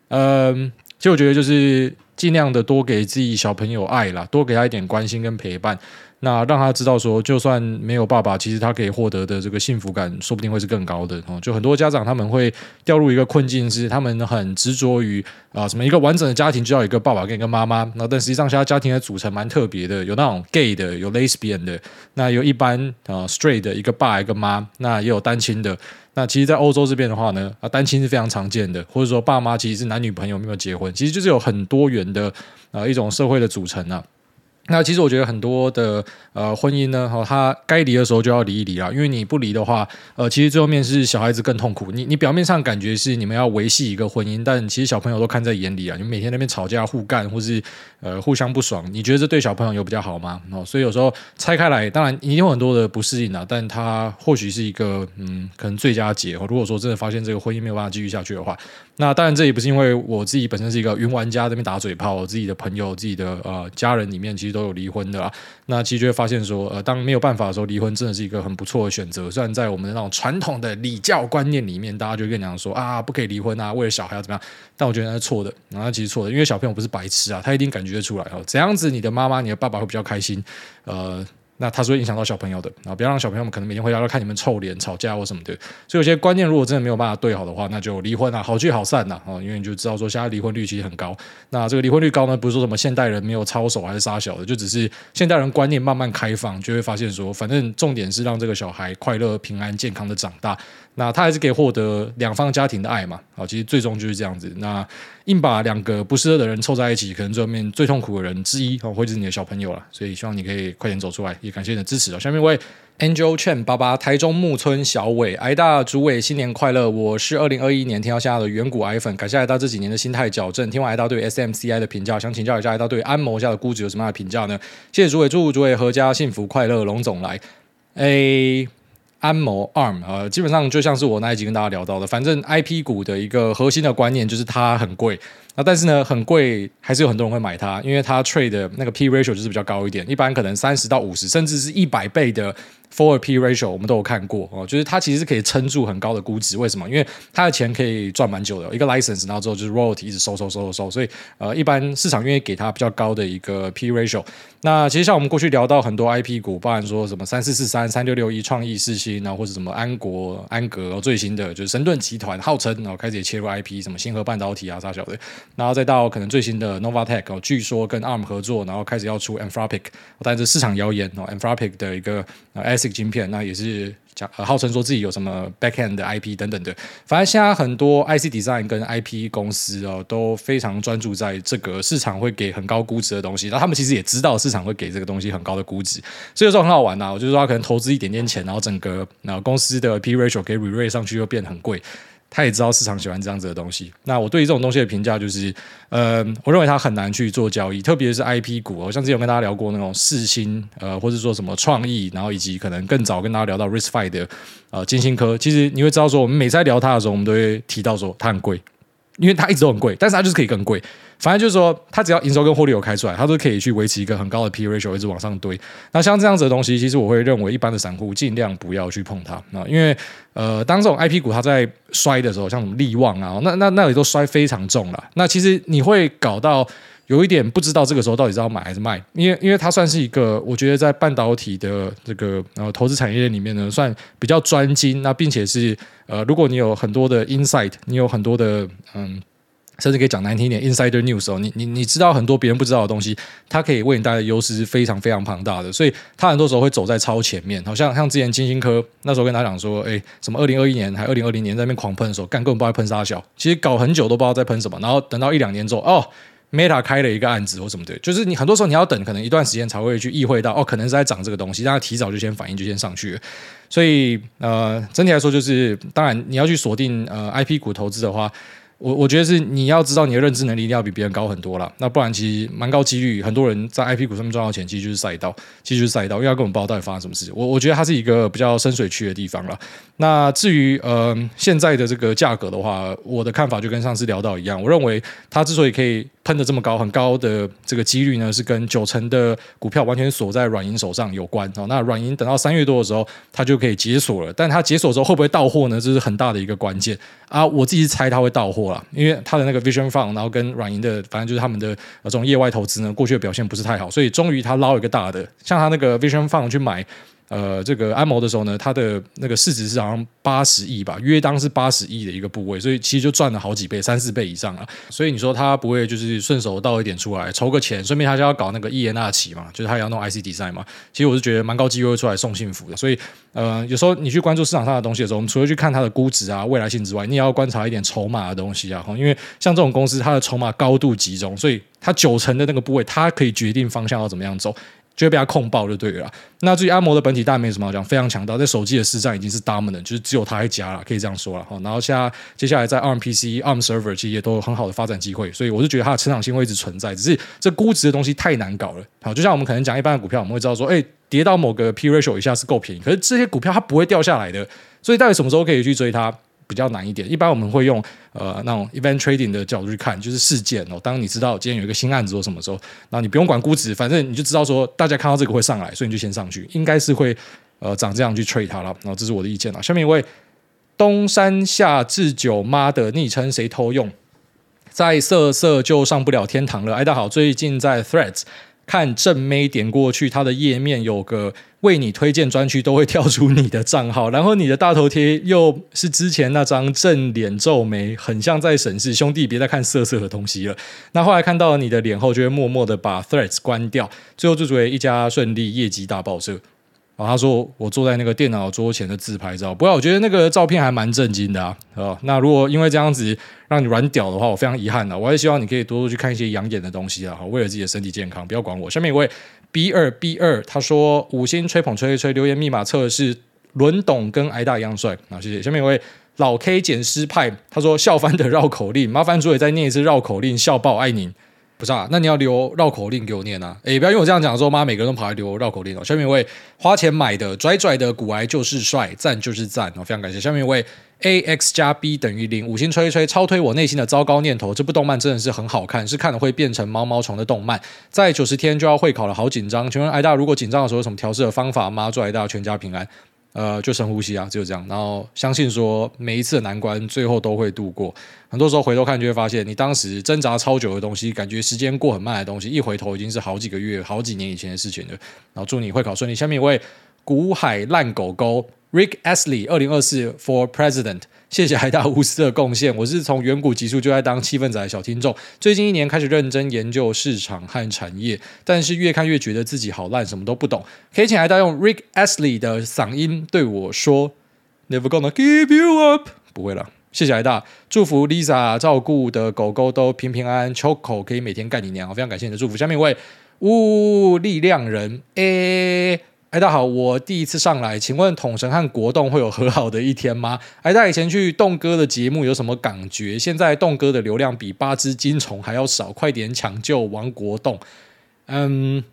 嗯，其實我覺得就是盡量的多給自己小朋友愛啦，多給他一點關心跟陪伴。那讓他知道說，就算沒有爸爸，其實他可以獲得的這個幸福感，說不定會是更高的。就很多家長他們會掉入一個困境，是他們很執着於啊，什麼一個完整的家庭就要一個爸爸跟一個媽媽。那但實際上，現在家庭的組成蠻特別的，有那種 gay 的，有 lesbian 的，那有一般啊 straight 的一個爸一個媽，那也有單親的。那其實，在歐洲這邊的話呢，啊單親是非常常見的，或者說爸媽其實是男女朋友沒有結婚，其實就是有很多元的啊一種社會的組成啊。那其實我覺得很多的呃婚姻呢，哈、哦，他該離的時候就要離一離啊。因為你不離的話，呃，其實最後面是小孩子更痛苦。你你表面上感覺是你們要維繫一個婚姻，但其實小朋友都看在眼裡啊，你每天在那邊吵架互幹，或是呃互相不爽，你覺得這對小朋友有比較好嗎？哦，所以有時候拆開來，當然你有很多的不適應啊，但他或許是一個嗯，可能最佳結果、哦。如果說真的發現這個婚姻沒有辦法繼續下去的話。那當然，這也不是因為我自己本身是一個雲玩家在那邊打嘴炮，哦，我自己的朋友、自己的呃家人裡面其實都有離婚的啦。那其實就會發現說，呃，當沒有辦法的時候，離婚真的是一個很不錯的選擇。雖然在我們的那種傳統的禮教觀念裡面，大家就會跟你講說啊，不可以離婚啊，為了小孩要怎麼樣，但我覺得那是錯的，那、啊、其實錯的，因為小朋友不是白痴啊，他一定感覺得出來哦。怎樣子你的媽媽、你的爸爸會比較開心，呃。那他是會影響到小朋友的，然後不要讓小朋友們可能每天回家都看你們臭臉吵架或什麼的。所以有些觀念如果真的沒有辦法對好的話，那就離婚啊，好聚好散吶、啊哦。因為你就知道說現在離婚率其實很高。那這個離婚率高呢，不是說什麼現代人沒有操守還是殺小的，就只是現代人觀念慢慢開放，就會發現說，反正重點是讓這個小孩快樂、平安、健康的長大。那他還是可以獲得兩方家庭的愛嘛？啊，其實最終就是這樣子。那硬把兩個不適合的人湊在一起，可能最後面最痛苦的人之一哦，會是你的小朋友啦。所以希望你可以快點走出來，也感謝你的支持哦。下面為 Angel Chen 爸爸，台中木村小偉，癌大主委，新年快樂！我是二零二一年聽到現在的遠古癌粉，感謝癌大這幾年的心態矯正。聽完癌大對 S M C I 的評價，想請教一下癌大對於安謀家的估值有什麼樣的評價呢？謝謝主委，祝主委闔家幸福快樂。龍總來，a 安謀 ARM 啊、呃，基本上就像是我那一集跟大家聊到的，反正 IP 股的一個核心的觀念就是它很貴啊，但是呢，很貴還是有很多人會買它，因為它 trade 的那個 P ratio 就是比較高一點，一般可能三十到五十，甚至是一百倍的。Forward P ratio 我們都有看過哦，就是它其實可以撐住很高的估值，為什麼？因為它的錢可以賺蠻久的，一個 license 然後之後就是 royalty 一直收收收收收，所以呃，一般市場願意給它比較高的一個 P ratio。那其實像我們過去聊到很多 IP 股，包含說什麼三四四三、三六六一、創意世芯，然後或者什麼安國安格最新的就是神盾集團號稱然後開始也切入 IP，什麼星河半導體啊啥小的，然後再到可能最新的 Nova Tech，據說跟 ARM 合作，然後開始要出 Anthropic，但是市場謠言哦 Anthropic 的一個、S。IC 晶片，那也是號稱說自己有什麼 back-end 的 IP 等等的。反正現在很多 IC design 跟 IP 公司哦，都非常專注在這個市場會給很高估值的東西。那他們其實也知道市場會給這個東西很高的估值，所以說很好玩吶、啊。我就說他可能投資一點點錢，然後整個那公司的 P ratio 給 re-rate 上去又變得很貴。他也知道市場喜歡這樣子的東西。那我對於這種東西的評價就是，呃，我認為他很難去做交易，特別是 IP 股，我像之前有跟大家聊過那種世芯，呃，或者說什麼創意，然後以及可能更早跟大家聊到 RISC-V 的呃晶心科。其實你會知道說，我們每次在聊它的時候，我們都會提到說它很貴。因為它一直都很貴，但是它就是可以更貴。反正就是說，它只要營收跟獲利有開出來，它都可以去維持一個很高的 PE ratio，一直往上堆。那像這樣子的東西，其實我會認為一般的散戶盡量不要去碰它。那因為呃，當這種 IP 股它在摔的時候，像什麼力旺啊，那那那裡都摔非常重了。那其實你會搞到。有一點不知道這個時候到底是要買還是賣，因為因為它算是一個，我覺得在半導體的這個呃投資產業鏈裡面呢，算比較專精。那並且是呃，如果你有很多的 insight，你有很多的嗯，甚至可以講難聽一點，insider news 哦，你你你知道很多別人不知道的東西，它可以為你帶來優勢是非常非常龐大的，所以它很多時候會走在超前面。好像像之前晶心科那時候跟大家講說，哎，什麼二零二一年還二零二零年在那邊狂噴的時候，幹根本不要噴啥小，其實搞很久都不知道在噴什麼，然後等到一兩年之後哦，Meta 開了一個案子或什麼的，就是你很多時候你要等，可能一段時間才會去意會到哦，可能是在漲這個東西，但他提早就先反應，就先上去。所以呃，整體來說，就是當然你要去鎖定呃 IP 股投資的話，我我覺得是你要知道你的認知能力一定要比別人高很多了，那不然其實蠻高幾率，很多人在 IP 股上面賺到錢，其實就是賽道，其實就是賽道，因為根本不知道到底發生什麼事情。我我覺得它是一個比較深水區的地方了。那至於呃現在的這個價格的話，我的看法就跟上次聊到一樣，我認為它之所以可以。噴的這麼高，很高的這個幾率呢，是跟九成的股票完全鎖在軟銀手上有關。哦，那軟銀等到三月多的時候，它就可以解鎖了。但它解鎖之後會不會到貨呢？這是很大的一個關鍵。啊，我自己猜它會到貨了，因為它的那個 Vision Fund，然後跟軟銀的，反正就是他們的呃這種業外投資呢，過去的表現不是太好，所以終於它撈一個大的，像它那個 Vision Fund 去買。呃，這個安謀的時候呢，它的那個市值是好像八十億吧，約當是八十億的一個部位，所以其實就賺了好幾倍，三四倍以上了。所以你說他不會就是順手倒一點出來籌個錢，順便他就要搞那個伊言二起嘛，就是他要弄 ICD 賽嘛。其實我是覺得蠻高機會出來送幸福的。所以呃，有時候你去關注市場上的東西的時候，除了去看它的估值啊、未來性之外，你也要觀察一點籌碼的東西啊。因為像這種公司，它的籌碼高度集中，所以它九成的那個部位，它可以決定方向要怎麼樣走。就會被他控爆，就對了。那至於阿摩的本體，大概沒什麼好講，非常強大，在手機的市場已經是 dominant，就是只有他一家了，可以這樣說了哈。然後現在接下來在 ARM PC、ARM Server 其實也都有很好的發展機會，所以我是覺得它的成長性會一直存在。只是這估值的東西太難搞了。好，就像我們可能講一般的股票，我們會知道說，誒、欸、跌到某個 P ratio 以下是夠便宜，可是這些股票它不會掉下來的，所以大概什麼時候可以去追它？比較難一點，一般我們會用呃那種 event trading 的角度去看，就是事件哦。當你知道今天有一個新案子或什麼時候，然後你不用管估值，反正你就知道說大家看到這個會上來，所以你就先上去，應該是會呃漲這樣去 trade 它了。然後這是我的意見啊。下面一位東山下智久媽的昵稱誰偷用，在色色就上不了天堂了。哎，大家好，最近在 threads。看正妹點過去，它的頁面有個為你推薦專區，都會跳出你的賬號然後你的大頭貼又是之前那張正臉皺眉，很像在審視兄弟，別再看色色的東西了。那後來看到你的臉後，就會默默的把 threads 關掉，最後祝諸位一家順利，業績大爆射。然後、哦、他說我坐在那個電腦桌前的自拍照，不過我覺得那個照片還蠻震驚的啊。那如果因為這樣子讓你軟屌的話，我非常遺憾的、啊。我還是希望你可以多多去看一些養眼的東西啊。為了自己的身體健康，不要管我。下面一位 B 二 B 二，他說五星吹捧吹一吹，吹，留言密碼測試，輪懂跟挨打一樣帥。好謝謝。下面一位老 K 撿師派，他說笑翻的繞口令，麻煩主委再念一次繞口令，笑爆！愛您。不是啊，那你要留繞口令給我念啊！誒，不要因為我這樣講的時候，媽，每個人都跑來留繞口令哦。下面一位花錢買的拽拽的股癌就是帥，讚就是讚哦，非常感謝。下面一位 A X 加 B 等於零，0, 五星吹吹超推我內心的糟糕念頭，這部動漫真的是很好看，是看了會變成毛毛蟲的動漫。在九十天就要會考了，好緊張！請問癌大，如果緊張的時候有什麼調試的方法嗎？媽祝癌大全家平安。呃，就深呼吸啊，就這樣。然後相信說，每一次的難關最後都會度過。很多時候回頭看就會發現，你當時掙扎超久的東西，感覺時間過很慢的東西，一回頭已經是好幾個月、好幾年以前的事情了。然後祝你會考順利。下面一位。股海爛狗狗，Rick Astley，二零二四 for president。謝謝海大無私的貢獻。我是從遠古集數就在當氣氛仔的小聽眾，最近一年開始認真研究市場和產業，但是越看越覺得自己好爛，什麼都不懂。可以請海大用 Rick Astley 的嗓音對我說：“Never gonna keep you up。”不會了，謝謝海大。祝福 Lisa 照顧的狗狗都平平安安。Choco 可以每天幹你娘！我非常感謝你的祝福。下面一位，嗚、哦，力量人 A。哎哎，大家好，我第一次上來，請問統神和國棟會有和好的一天嗎？哎，大家以前去棟哥的節目有什麼感覺？現在棟哥的流量比八只金蟲還要少，快點搶救王國棟。嗯。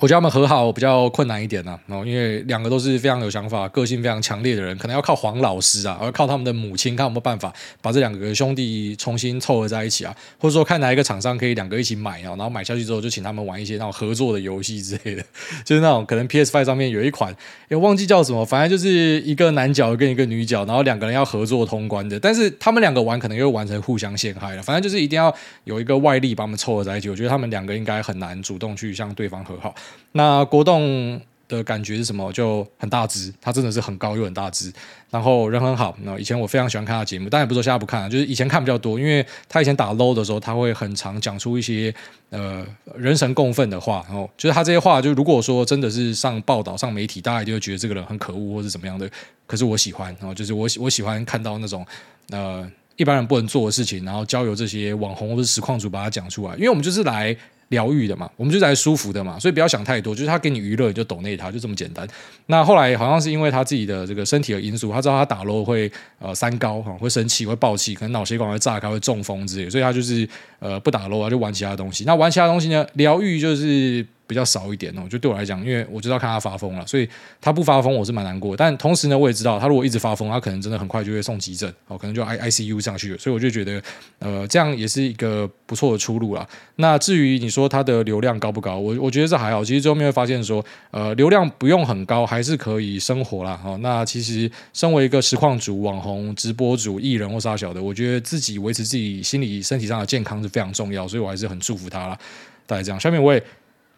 我覺得他們和好比較困難一點然、啊、哦，因為兩個都是非常有想法、個性非常強烈的人，可能要靠黃老師啊，而靠他們的母親看有沒有辦法把這兩個兄弟重新湊合在一起啊，或者說看哪一個廠商可以兩個一起買啊，然後買下去之後就請他們玩一些那種合作的遊戲之類的，就是那種可能 PS Five 上面有一款，也忘記叫什麼，反正就是一個男角跟一個女角，然後兩個人要合作通關的，但是他們兩個玩可能又玩成互相陷害了，反正就是一定要有一個外力把他們湊合在一起，我覺得他們兩個應該很難主動去向對方和好。那國動的感覺是什麼？就很大只，他真的是很高又很大只，然後人很好。那以前我非常喜歡看他節目，當然也不是說現在不看，就是以前看比較多，因為他以前打 low 的時候，他會很常講出一些呃人神共憤的話。然後就是他這些話，就如果說真的是上報道上媒體，大家就會覺得這個人很可惡或者怎麼樣的。可是我喜歡，然後就是我我喜歡看到那種呃一般人不能做的事情，然後交由這些網紅或者是實況主把它講出來，因為我們就是來。療癒的嘛，我們就在舒服的嘛，所以不要想太多，就是他給你娛樂，你就 donate 他，就這麼簡單。那後來好像是因為他自己的這個身體的因素，他知道他打擼會呃三高哈，會生氣會爆氣，可能腦血管會炸開，會中風之類，所以他就是呃不打擼就玩其他東西。那玩其他東西呢，療癒就是。比較少一點哦，就對我來講，因為我知道看他發瘋了，所以他不發瘋我是蠻難過。但同時呢，我也知道他如果一直發瘋，他可能真的很快就會送急診哦、喔，可能就 I I C U 上去了。所以我就覺得，呃，這樣也是一個不錯的出路了。那至於你說他的流量高不高，我我覺得這還好。其實最後面會發現說，呃，流量不用很高，還是可以生活啦。哦、喔，那其實身為一個實況主、網紅、直播主、藝人或啥小的，我覺得自己維持自己心理、身體上的健康是非常重要，所以我還是很祝福他了。大概這樣，下面我也。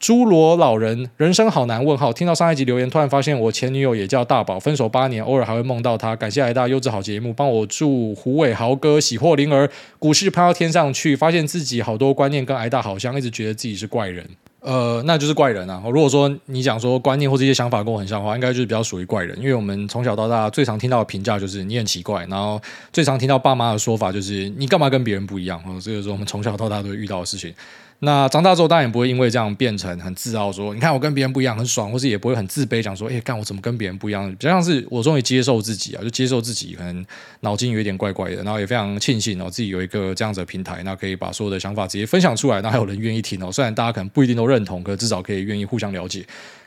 侏羅老人人生好難問號，聽到上一集留言，突然發現我前女友也叫大寶，分手八年，偶爾還會夢到她。感謝癌大優質好節目，幫我祝胡偉豪哥喜獲麟兒，股市攀到天上去，發現自己好多觀念跟癌大好像，一直覺得自己是怪人。呃，那就是怪人啊。如果說你講說觀念或者一些想法跟我很像的話，應該就是比較屬於怪人，因為我們從小到大最常聽到的評價就是你很奇怪，然後最常聽到爸媽的說法就是你幹嘛跟別人不一樣？哦，這個是我們從小到大都會遇到的事情。那長大之後當然也不會因為這樣變成很自傲，說你看我跟別人不一樣很爽，或是也不會很自卑想，講說哎幹我怎麼跟別人不一樣？就像是我終於接受自己啊，就接受自己可能腦筋有一點怪怪的，然後也非常慶幸哦自己有一個這樣子的平台，那可以把所有的想法直接分享出來，那還有人願意聽哦。雖然大家可能不一定都認。認同，可至少可以願意互相了解，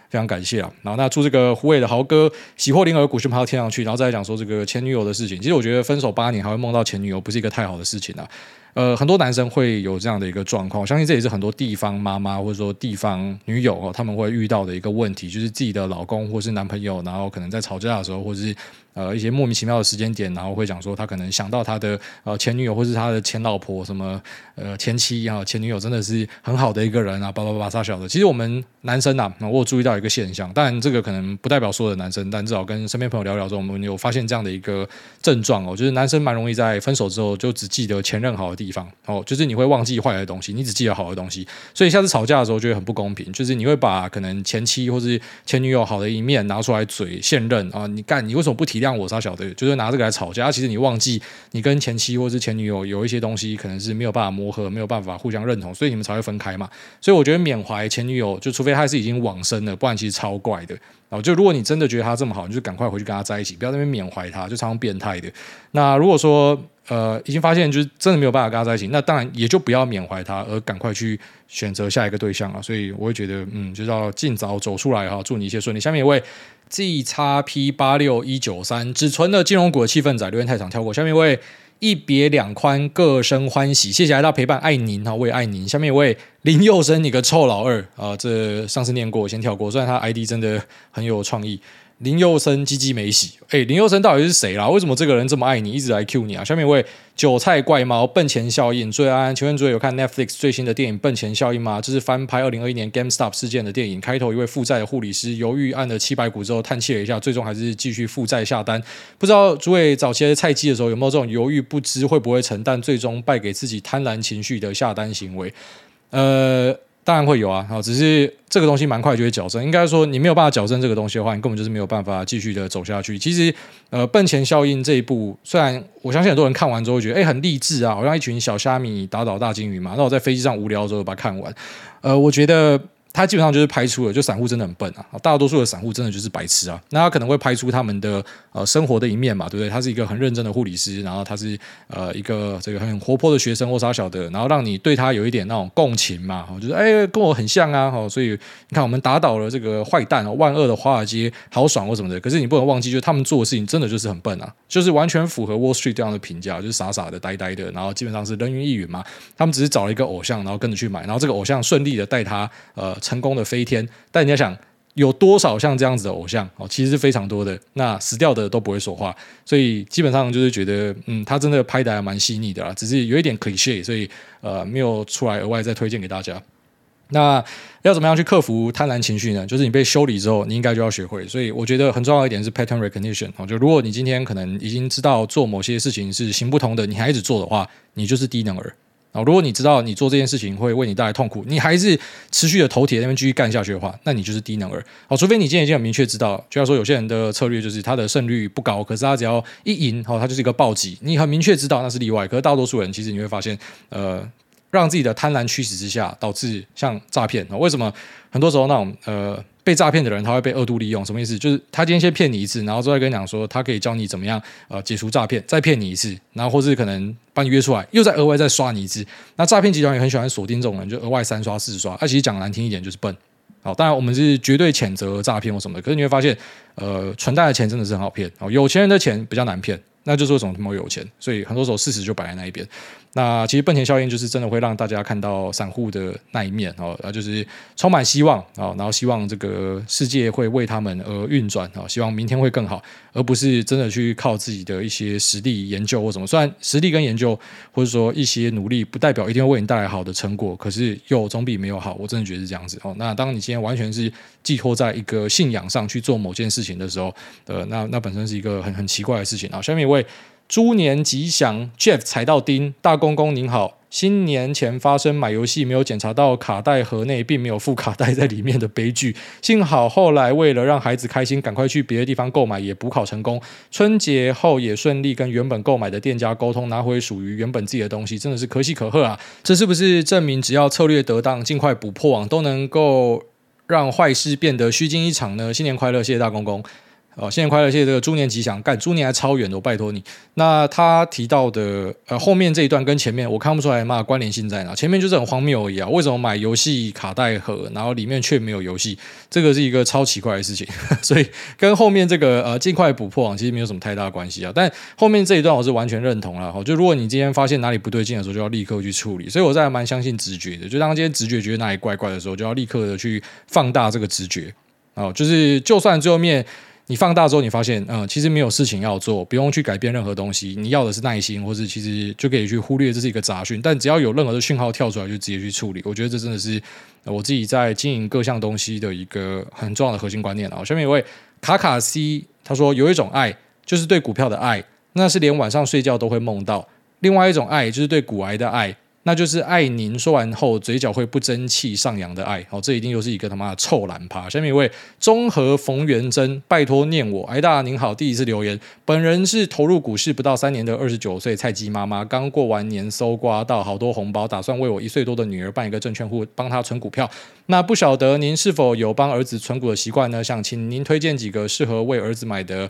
非常感謝啊！然後那祝這個虎尾的豪哥喜獲麟兒，股市爬到天上去，然後再來講說這個前女友的事情。其實我覺得分手八年還會夢到前女友，不是一個太好的事情啊。呃，很多男生會有這樣的一個狀況，我相信這也是很多地方媽媽或者說地方女友哦，他們會遇到的一個問題，就是自己的老公或是男朋友，然後可能在吵架的時候，或者是呃一些莫名其妙的時間點，然後會講說他可能想到他的呃前女友或是他的前老婆，什麼呃前妻啊、哦，前女友真的是很好的一個人啊，巴巴巴巴殺小的。其實我們男生吶、啊，我有注意到一個現象，但這個可能不代表所有的男生，但至少跟身邊朋友聊聊之後，我們有發現這樣的一個症狀哦，就是男生蠻容易在分手之後就只記得前任好。地方哦，就是你會忘記壞的東西，你只記得好的東西，所以下次吵架的時候覺得很不公平。就是你會把可能前妻或是前女友好的一面拿出來嘴現任啊，哦，你幹你為什麼不體諒我？他曉得，就是拿這個來吵架，啊。其實你忘記你跟前妻或是前女友有一些東西，可能是沒有辦法磨合，沒有辦法互相認同，所以你們才會分開嘛。所以我覺得緬懷前女友，就除非他是已經往生了，不然其實超怪的啊，哦。就如果你真的覺得他這麼好，你就趕快回去跟他在一起，不要在那邊緬懷他，就常常變態的。那如果說。呃，已經發現就是真的沒有辦法跟他在一起，那當然也就不要緬懷他，而趕快去選擇下一個對象了、啊。所以我會覺得，嗯，就要盡早走出來哈。祝你一切順利。下面一位 G 叉 P 八六一九三只存了金融股的氣氛仔，留言太長，跳過。下面一位一別兩寬，各生歡喜，謝謝來到陪伴愛您哈，我也愛您。下面一位林佑生，你個臭老二啊、呃！這上次念過，我先跳過，雖然他 ID 真的很有創意。林佑生雞雞沒洗，哎、欸，林佑生到底是誰啦？為什麼這個人這麼愛你，一直來 Q 你啊？下面一位韭菜怪貓，笨錢效應，最安，請問諸位有看 Netflix 最新的電影《笨錢效應》嗎？這、就是翻拍二零二一年 GameStop 事件的電影。開頭一位負債的護理師猶豫按了七百股之後，嘆氣了一下，最終還是繼續負債下單。不知道諸位早期菜雞的時候有沒有這種猶豫不知會不會承擔最終敗給自己貪婪情緒的下單行為？呃。當然會有啊，好，只是這個東西蠻快就會矯正。應該說，你沒有辦法矯正這個東西的話，你根本就是沒有辦法繼續的走下去。其實，呃，笨錢效應這一部，雖然我相信很多人看完之後覺得，哎，很勵志啊，我讓一群小蝦米打倒大鯨魚嘛，那我在飛機上無聊的時候把它看完。呃，我覺得。他基本上就是拍出了，就散戶真的很笨啊，大多數的散戶真的就是白痴啊。那他可能會拍出他們的呃生活的一面嘛，對不對？他是一個很認真的護理師，然後他是呃一個這個很活潑的學生或啥小的？然後讓你對他有一點那種共情嘛，就是哎跟我很像啊，所以你看，我們打倒了這個壞蛋、哦、萬惡的華爾街，好爽或什麼的。可是你不能忘記，就是他們做的事情真的就是很笨啊，就是完全符合 Wall Street 這樣的評價，就是傻傻的、呆呆的，然後基本上是人云亦云嘛。他們只是找了一個偶像，然後跟着去買，然後這個偶像順利的帶他呃。成功的飛天，但你想有多少像這樣子的偶像哦，其實是非常多的。那死掉的都不會說話，所以基本上就是覺得，嗯，他真的拍得還蠻細膩的啦，只是有一點 cliché，所以呃，沒有出來額外再推薦給大家。那要怎麼樣去克服貪婪情緒呢？就是你被修理之後，你應該就要學會。所以我覺得很重要的一點是 pattern recognition，哦，就如果你今天可能已經知道做某些事情是行不通的，你還一直做的話，你就是低能兒。好，如果你知道你做這件事情會為你帶來痛苦，你還是持續的頭鐵那邊繼續幹下去的話，那你就是低能兒。好，除非你今天已經很明確知道，就像說有些人的策略就是他的勝率不高，可是他只要一贏，好、哦，他就是一個暴擊。你很明確知道那是例外，可是大多數人其實你會發現，呃，讓自己的貪婪驅使之下，導致像詐騙、哦。為什麼很多時候那種呃，被詐騙的人，他會被二度利用，什麼意思？就是他今天先騙你一次，然後之後再跟你講說，他可以教你怎麼樣呃解除詐騙，再騙你一次，然後或者可能把你約出來，又再額外再刷你一次。那詐騙集團也很喜歡鎖定這種人，就額外三刷四刷。他、啊、其實講難聽一點就是笨。好，當然我們是絕對譴責詐騙或什麼的，可是你會發現，呃，蠢蛋的錢真的是很好騙，好，有錢人的錢比較難騙，那就是為什麼有,有錢，所以很多時候事實就擺在那一邊。那其實本田效應就是真的會讓大家看到散戶的那一面哦，呃，就是充滿希望啊、哦，然後希望這個世界會為他們而運轉啊、哦，希望明天會更好，而不是真的去靠自己的一些實力、研究或什麼。雖然實力跟研究或者說一些努力，不代表一定會為你帶來好的成果，可是又總比沒有好。我真的覺得是這樣子哦。那當你今天完全是寄託在一個信仰上去做某件事情的時候，呃，那那本身是一個很很奇怪的事情啊。下面一位。豬年吉祥，Jeff 踩到釘，大公公您好。新年前發生買遊戲沒有檢查到卡帶盒內並沒有附卡帶在裡面的悲劇，幸好後來為了讓孩子開心，趕快去別的地方購買也補考成功。春節後也順利跟原本購買的店家溝通，拿回屬於原本自己的東西，真的是可喜可賀啊！這是不是證明只要策略得當，盡快補破網、啊，都能夠讓壞事變得虛驚一場呢？新年快樂，謝謝大公公。哦，新年快樂！謝謝這個豬年吉祥，幹豬年還超遠的，我拜托你。那他提到的呃後面這一段跟前面我看不出來嘛關聯性在哪？前面就是很荒謬而已啊。為什麼買遊戲卡帶盒，然後裡面卻沒有遊戲？這個是一個超奇怪的事情，呵呵，所以跟後面這個呃盡快補破網其實沒有什麼太大的關係啊。但後面這一段我是完全認同了、哦。就如果你今天發現哪裡不對勁的時候，就要立刻去處理。所以我在還蠻相信直覺的，就當今天直覺覺得哪裡怪怪的時候，就要立刻的去放大這個直覺啊、哦。就是就算最後面。你放大之後，你發現，嗯，其實沒有事情要做，不用去改變任何東西。你要的是耐心，或是其實就可以去忽略這是一個雜訊。但只要有任何的訊號跳出來，就直接去處理。我覺得這真的是我自己在經營各項東西的一個很重要的核心觀念啊。下面有位卡卡 C，他說有一種愛就是對股票的愛，那是連晚上睡覺都會夢到；另外一種愛就是對股癌的愛。那就是愛您。說完後，嘴角會不爭氣上揚的愛。好、哦，這一定又是一個他媽的臭懶趴。下面一位，中和馮元珍，拜託念我。哎大您好，第一次留言，本人是投入股市不到三年的二十九歲菜雞媽媽，剛過完年搜刮到好多紅包，打算為我一歲多的女兒辦一個證券戶，幫她存股票。那不曉得您是否有幫兒子存股的習慣呢？想請您推薦幾個適合為兒子買的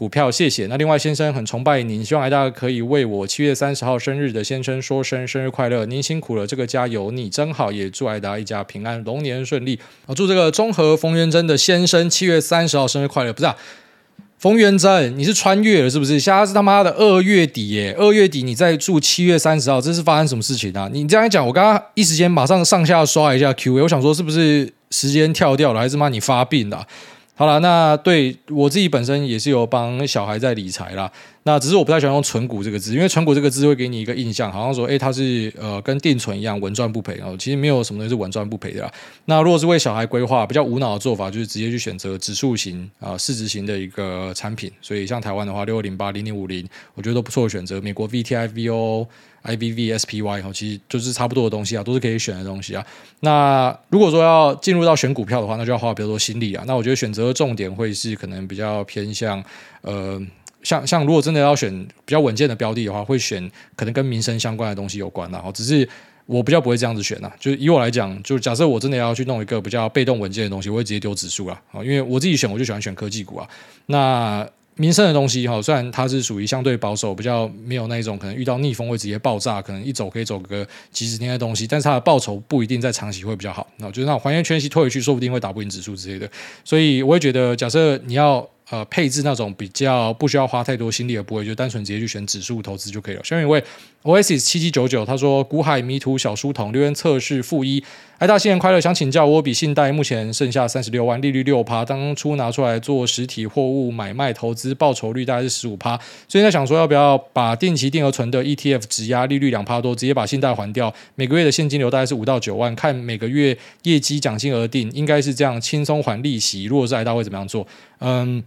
股票，謝謝。那另外，先生很崇拜您，希望大家可以為我七月三十號生日的先生說聲生日快樂。您辛苦了，這個家有你真好，也祝大家一家平安，龍年順利。我、啊、祝這個中和馮元貞的先生七月三十號生日快樂。不是、啊，馮元貞，你是穿越了是不是？現在是他媽的二月底耶，二月底你在祝七月三十號，這是發生什麼事情啊？你這樣一講，我剛剛一時間馬上上下刷一下 QA，我想說是不是時間跳掉了，還是媽你發病了、啊？好了，那對我自己本身也是有幫小孩在理財啦。那只是我不太喜歡用“存股”這個字，因為“存股”這個字會給你一個印象，好像說，哎、欸，它是呃跟定存一樣，穩賺不賠，喔。其實沒有什麼東西是穩賺不賠的啦。那如果是為小孩規劃，比較無腦的做法，就是直接去選擇指數型啊、呃、市值型的一個產品。所以像台灣的話，六二零八、零零五零，我覺得都不錯的選擇。美國 V T I V O、喔、I V V S P Y，後其實就是差不多的東西啊，都是可以選的東西啊。那如果說要進入到選股票的話，那就要花比較多心力啊。那我覺得選擇重點會是可能比較偏向呃。像像如果真的要選比較穩健的標的的話，會選可能跟民生相關的東西有關，只是我比較不會這樣子選，就是以我來講，就假設我真的要去弄一個比較被動穩健的東西，我會直接丟指數啊。因為我自己選，我就喜歡選科技股啊。那民生的東西哈，雖然它是屬於相對保守，比較沒有那一種可能遇到逆風會直接爆炸，可能一走可以走個幾十年的東西，但是它的報酬不一定在長期會比較好。就是那還原圈息退回去，說不定會打不贏指數之類的。所以，我也覺得假設你要。呃，配置那種比較不需要花太多心力的，不會就單純直接去選指數投資就可以了。下面一位 OS 七七九九他說：“股海迷途小書童留言測試負一，癌大新年快樂，想請教我筆信貸目前剩下三十六萬，利率六趴，當初拿出來做實體貨物買賣投資，報酬率大概是十五趴，所以在想說要不要把定期定額存的 ETF 質押利率兩趴多，直接把信貸還掉，每個月的現金流大概是五到九萬，看每個月業績獎金而定，應該是這樣輕鬆還利息。如果是癌大會怎麼樣做？嗯。”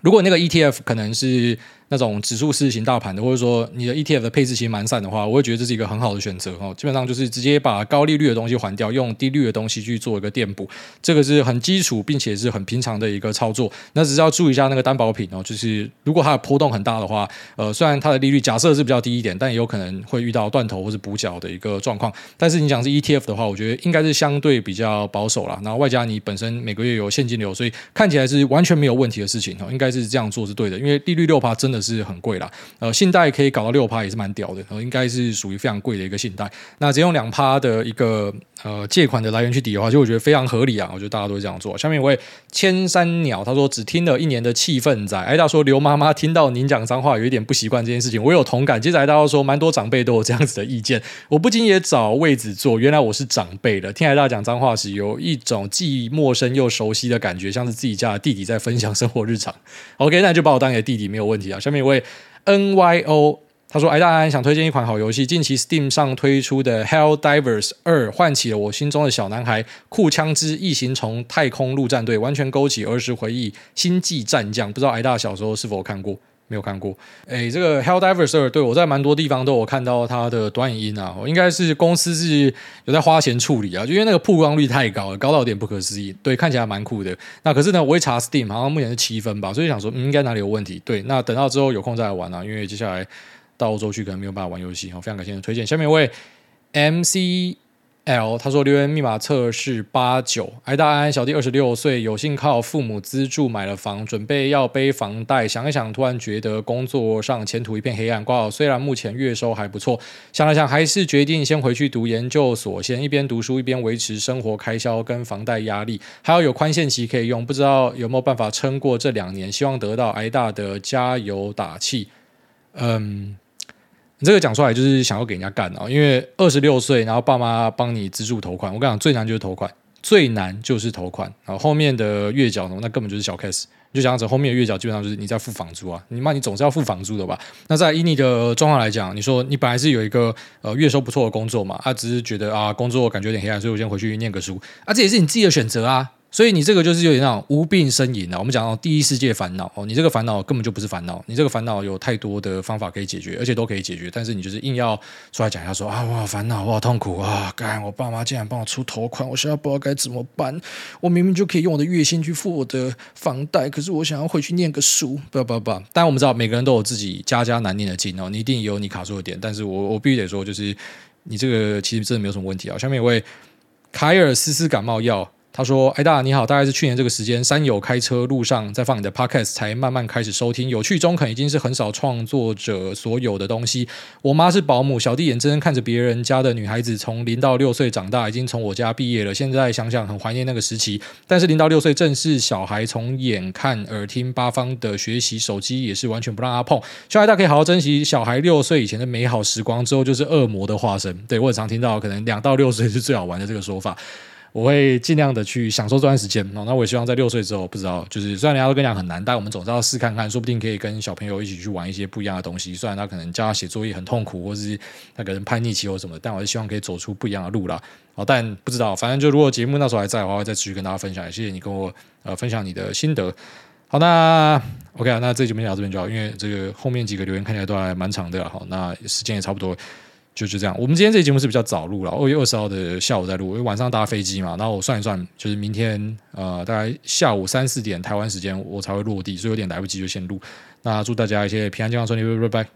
如果那個 ETF 可能是，那種指數型大盤的，或者說你的 ETF 的配置其實蠻散的話，我會覺得這是一個很好的選擇哦。基本上就是直接把高利率的東西還掉，用低率的東西去做一個墊補，這個是很基礎，並且是很平常的一個操作。那只是要注意一下那個擔保品哦，就是如果它的波動很大的話，呃，雖然它的利率假設是比較低一點，但也有可能會遇到斷頭或是補繳的一個狀況。但是你講是 ETF 的話，我覺得應該是相對比較保守了。然後外加你本身每個月有現金流，所以看起來是完全沒有問題的事情哦。應該是這樣做是對的，因為利率六趴真的。是很貴啦，呃，信貸可以搞到六趴，也是蠻屌的，然後，呃，應該是屬於非常貴的一個信貸。那只用兩趴的一個呃借款的來源去抵的話，就我覺得非常合理啊。我覺得大家都這樣做。下面有一位千山鳥，他說只聽了一年的氣氛仔。癌大說劉媽媽聽到您講髒話，有一點不習慣這件事情，我有同感。接下來癌大說，蠻多長輩都有這樣子的意見。我不禁也找位置坐，原來我是長輩的。聽癌大講髒話時，有一種既陌生又熟悉的感覺，像是自己家的弟弟在分享生活日常。OK，那就把我當你的弟弟，沒有問題啊。下面一位 N Y O，他說：“癌大安想推薦一款好遊戲。近期 Steam 上推出的《Hell Divers 二》喚起了我心中的小男孩酷槍支異形蟲太空陸戰隊，完全勾起兒時回憶。星際戰將，不知道癌大小時候是否看過？”沒有看過，哎，這個 Helldivers 對我，在蠻多地方都有看到它的短影音啊，我應該是公司是有在花錢處理啊，就因為那個曝光率太高了，高到有點不可思議。對，看起來蠻酷的，那可是呢，我會查 Steam，好像目前是七分吧，所以想說，嗯，應該哪裡有問題？對，那等到之後有空再來玩啊，因為接下來到歐洲去可能沒有辦法玩遊戲。好，非常感謝你的推薦，下面一位 M C。L 他說：“留言密碼測試八九，癌大安小弟二十六歲，有幸靠父母資助買了房，準備要背房貸。想一想，突然覺得工作上前途一片黑暗。掛了，雖然目前月收還不錯，想了想，還是決定先回去讀研究所，先一邊讀書一邊維持生活開銷跟房貸壓力，還有有寬限期可以用。不知道有沒有辦法撐過這兩年？希望得到癌大的加油打氣。”嗯。你這個講出來就是想要給人家幹了，哦，因為二十六歲，然後爸媽幫你資助頭款。我跟你講，最難就是頭款，最難就是頭款。然後，後面的月繳呢，那根本就是小 case。你就想着後面的月繳，基本上就是你在付房租啊，你媽，你總是要付房租的吧？那在以你的狀況來講，你說你本來是有一個呃月收不錯的工作嘛，他、啊、只是覺得啊工作感覺有點黑暗，所以我先回去念個書。啊，這也是你自己的選擇啊。所以你這個就是有點那種無病呻吟啊！我們講到第一世界煩惱哦，你這個煩惱根本就不是煩惱，你這個煩惱有太多的方法可以解決，而且都可以解決。但是你就是硬要出來講一下，說啊，我好煩惱，我好痛苦啊，幹！我爸媽竟然幫我出頭款，我現在不知道該怎麼辦。我明明就可以用我的月薪去付我的房貸，可是我想要回去念個書，不要不要不要！但我們知道，每個人都有自己家家難念的經哦，你一定有你卡住的點。但是我我必須得說，就是你這個其實真的沒有什麼問題啊。下面有位凱爾斯斯感冒藥，他說：“哎、欸、大，你好，大概是去年這個時間，三友開車路上在放你的 podcast，才慢慢開始收聽。有趣中肯已經是很少創作者所有的東西。我媽是保姆，小弟眼睜睜看着別人家的女孩子從零到六歲長大，已經從我家畢業了。現在想想很懷念那個時期，但是零到六歲正是小孩從眼看耳聽八方的學習，手機也是完全不讓他碰。希望、欸、大家可以好好珍惜小孩六歲以前的美好時光，之後就是惡魔的化身。對我很常聽到，可能兩到六歲是最好玩的這個說法。”我會盡量的去享受這段時間，哦，那我也希望在六歲之後，不知道就是雖然人家都跟你講很難，但我們總是要試看看，說不定可以跟小朋友一起去玩一些不一樣的東西。雖然他可能教他寫作業很痛苦，或者是他可能叛逆期或什麼，但我是希望可以走出不一樣的路啦。好，但不知道，反正就如果節目那時候還在的話，會再繼續跟大家分享。謝謝你跟我呃分享你的心得。好，那 OK 啊，那這節目講到這邊就好，因為這個後面幾個留言看起來都還蠻長的啦。好，那時間也差不多。就就這樣，我們今天這節目是比較早錄了，二月二十號的下午再錄，因為晚上搭飛機嘛。然後我算一算，就是明天呃大概下午三四點台灣時間我，我才會落地，所以有點來不及就先錄。那祝大家一切平安健康順利，拜拜。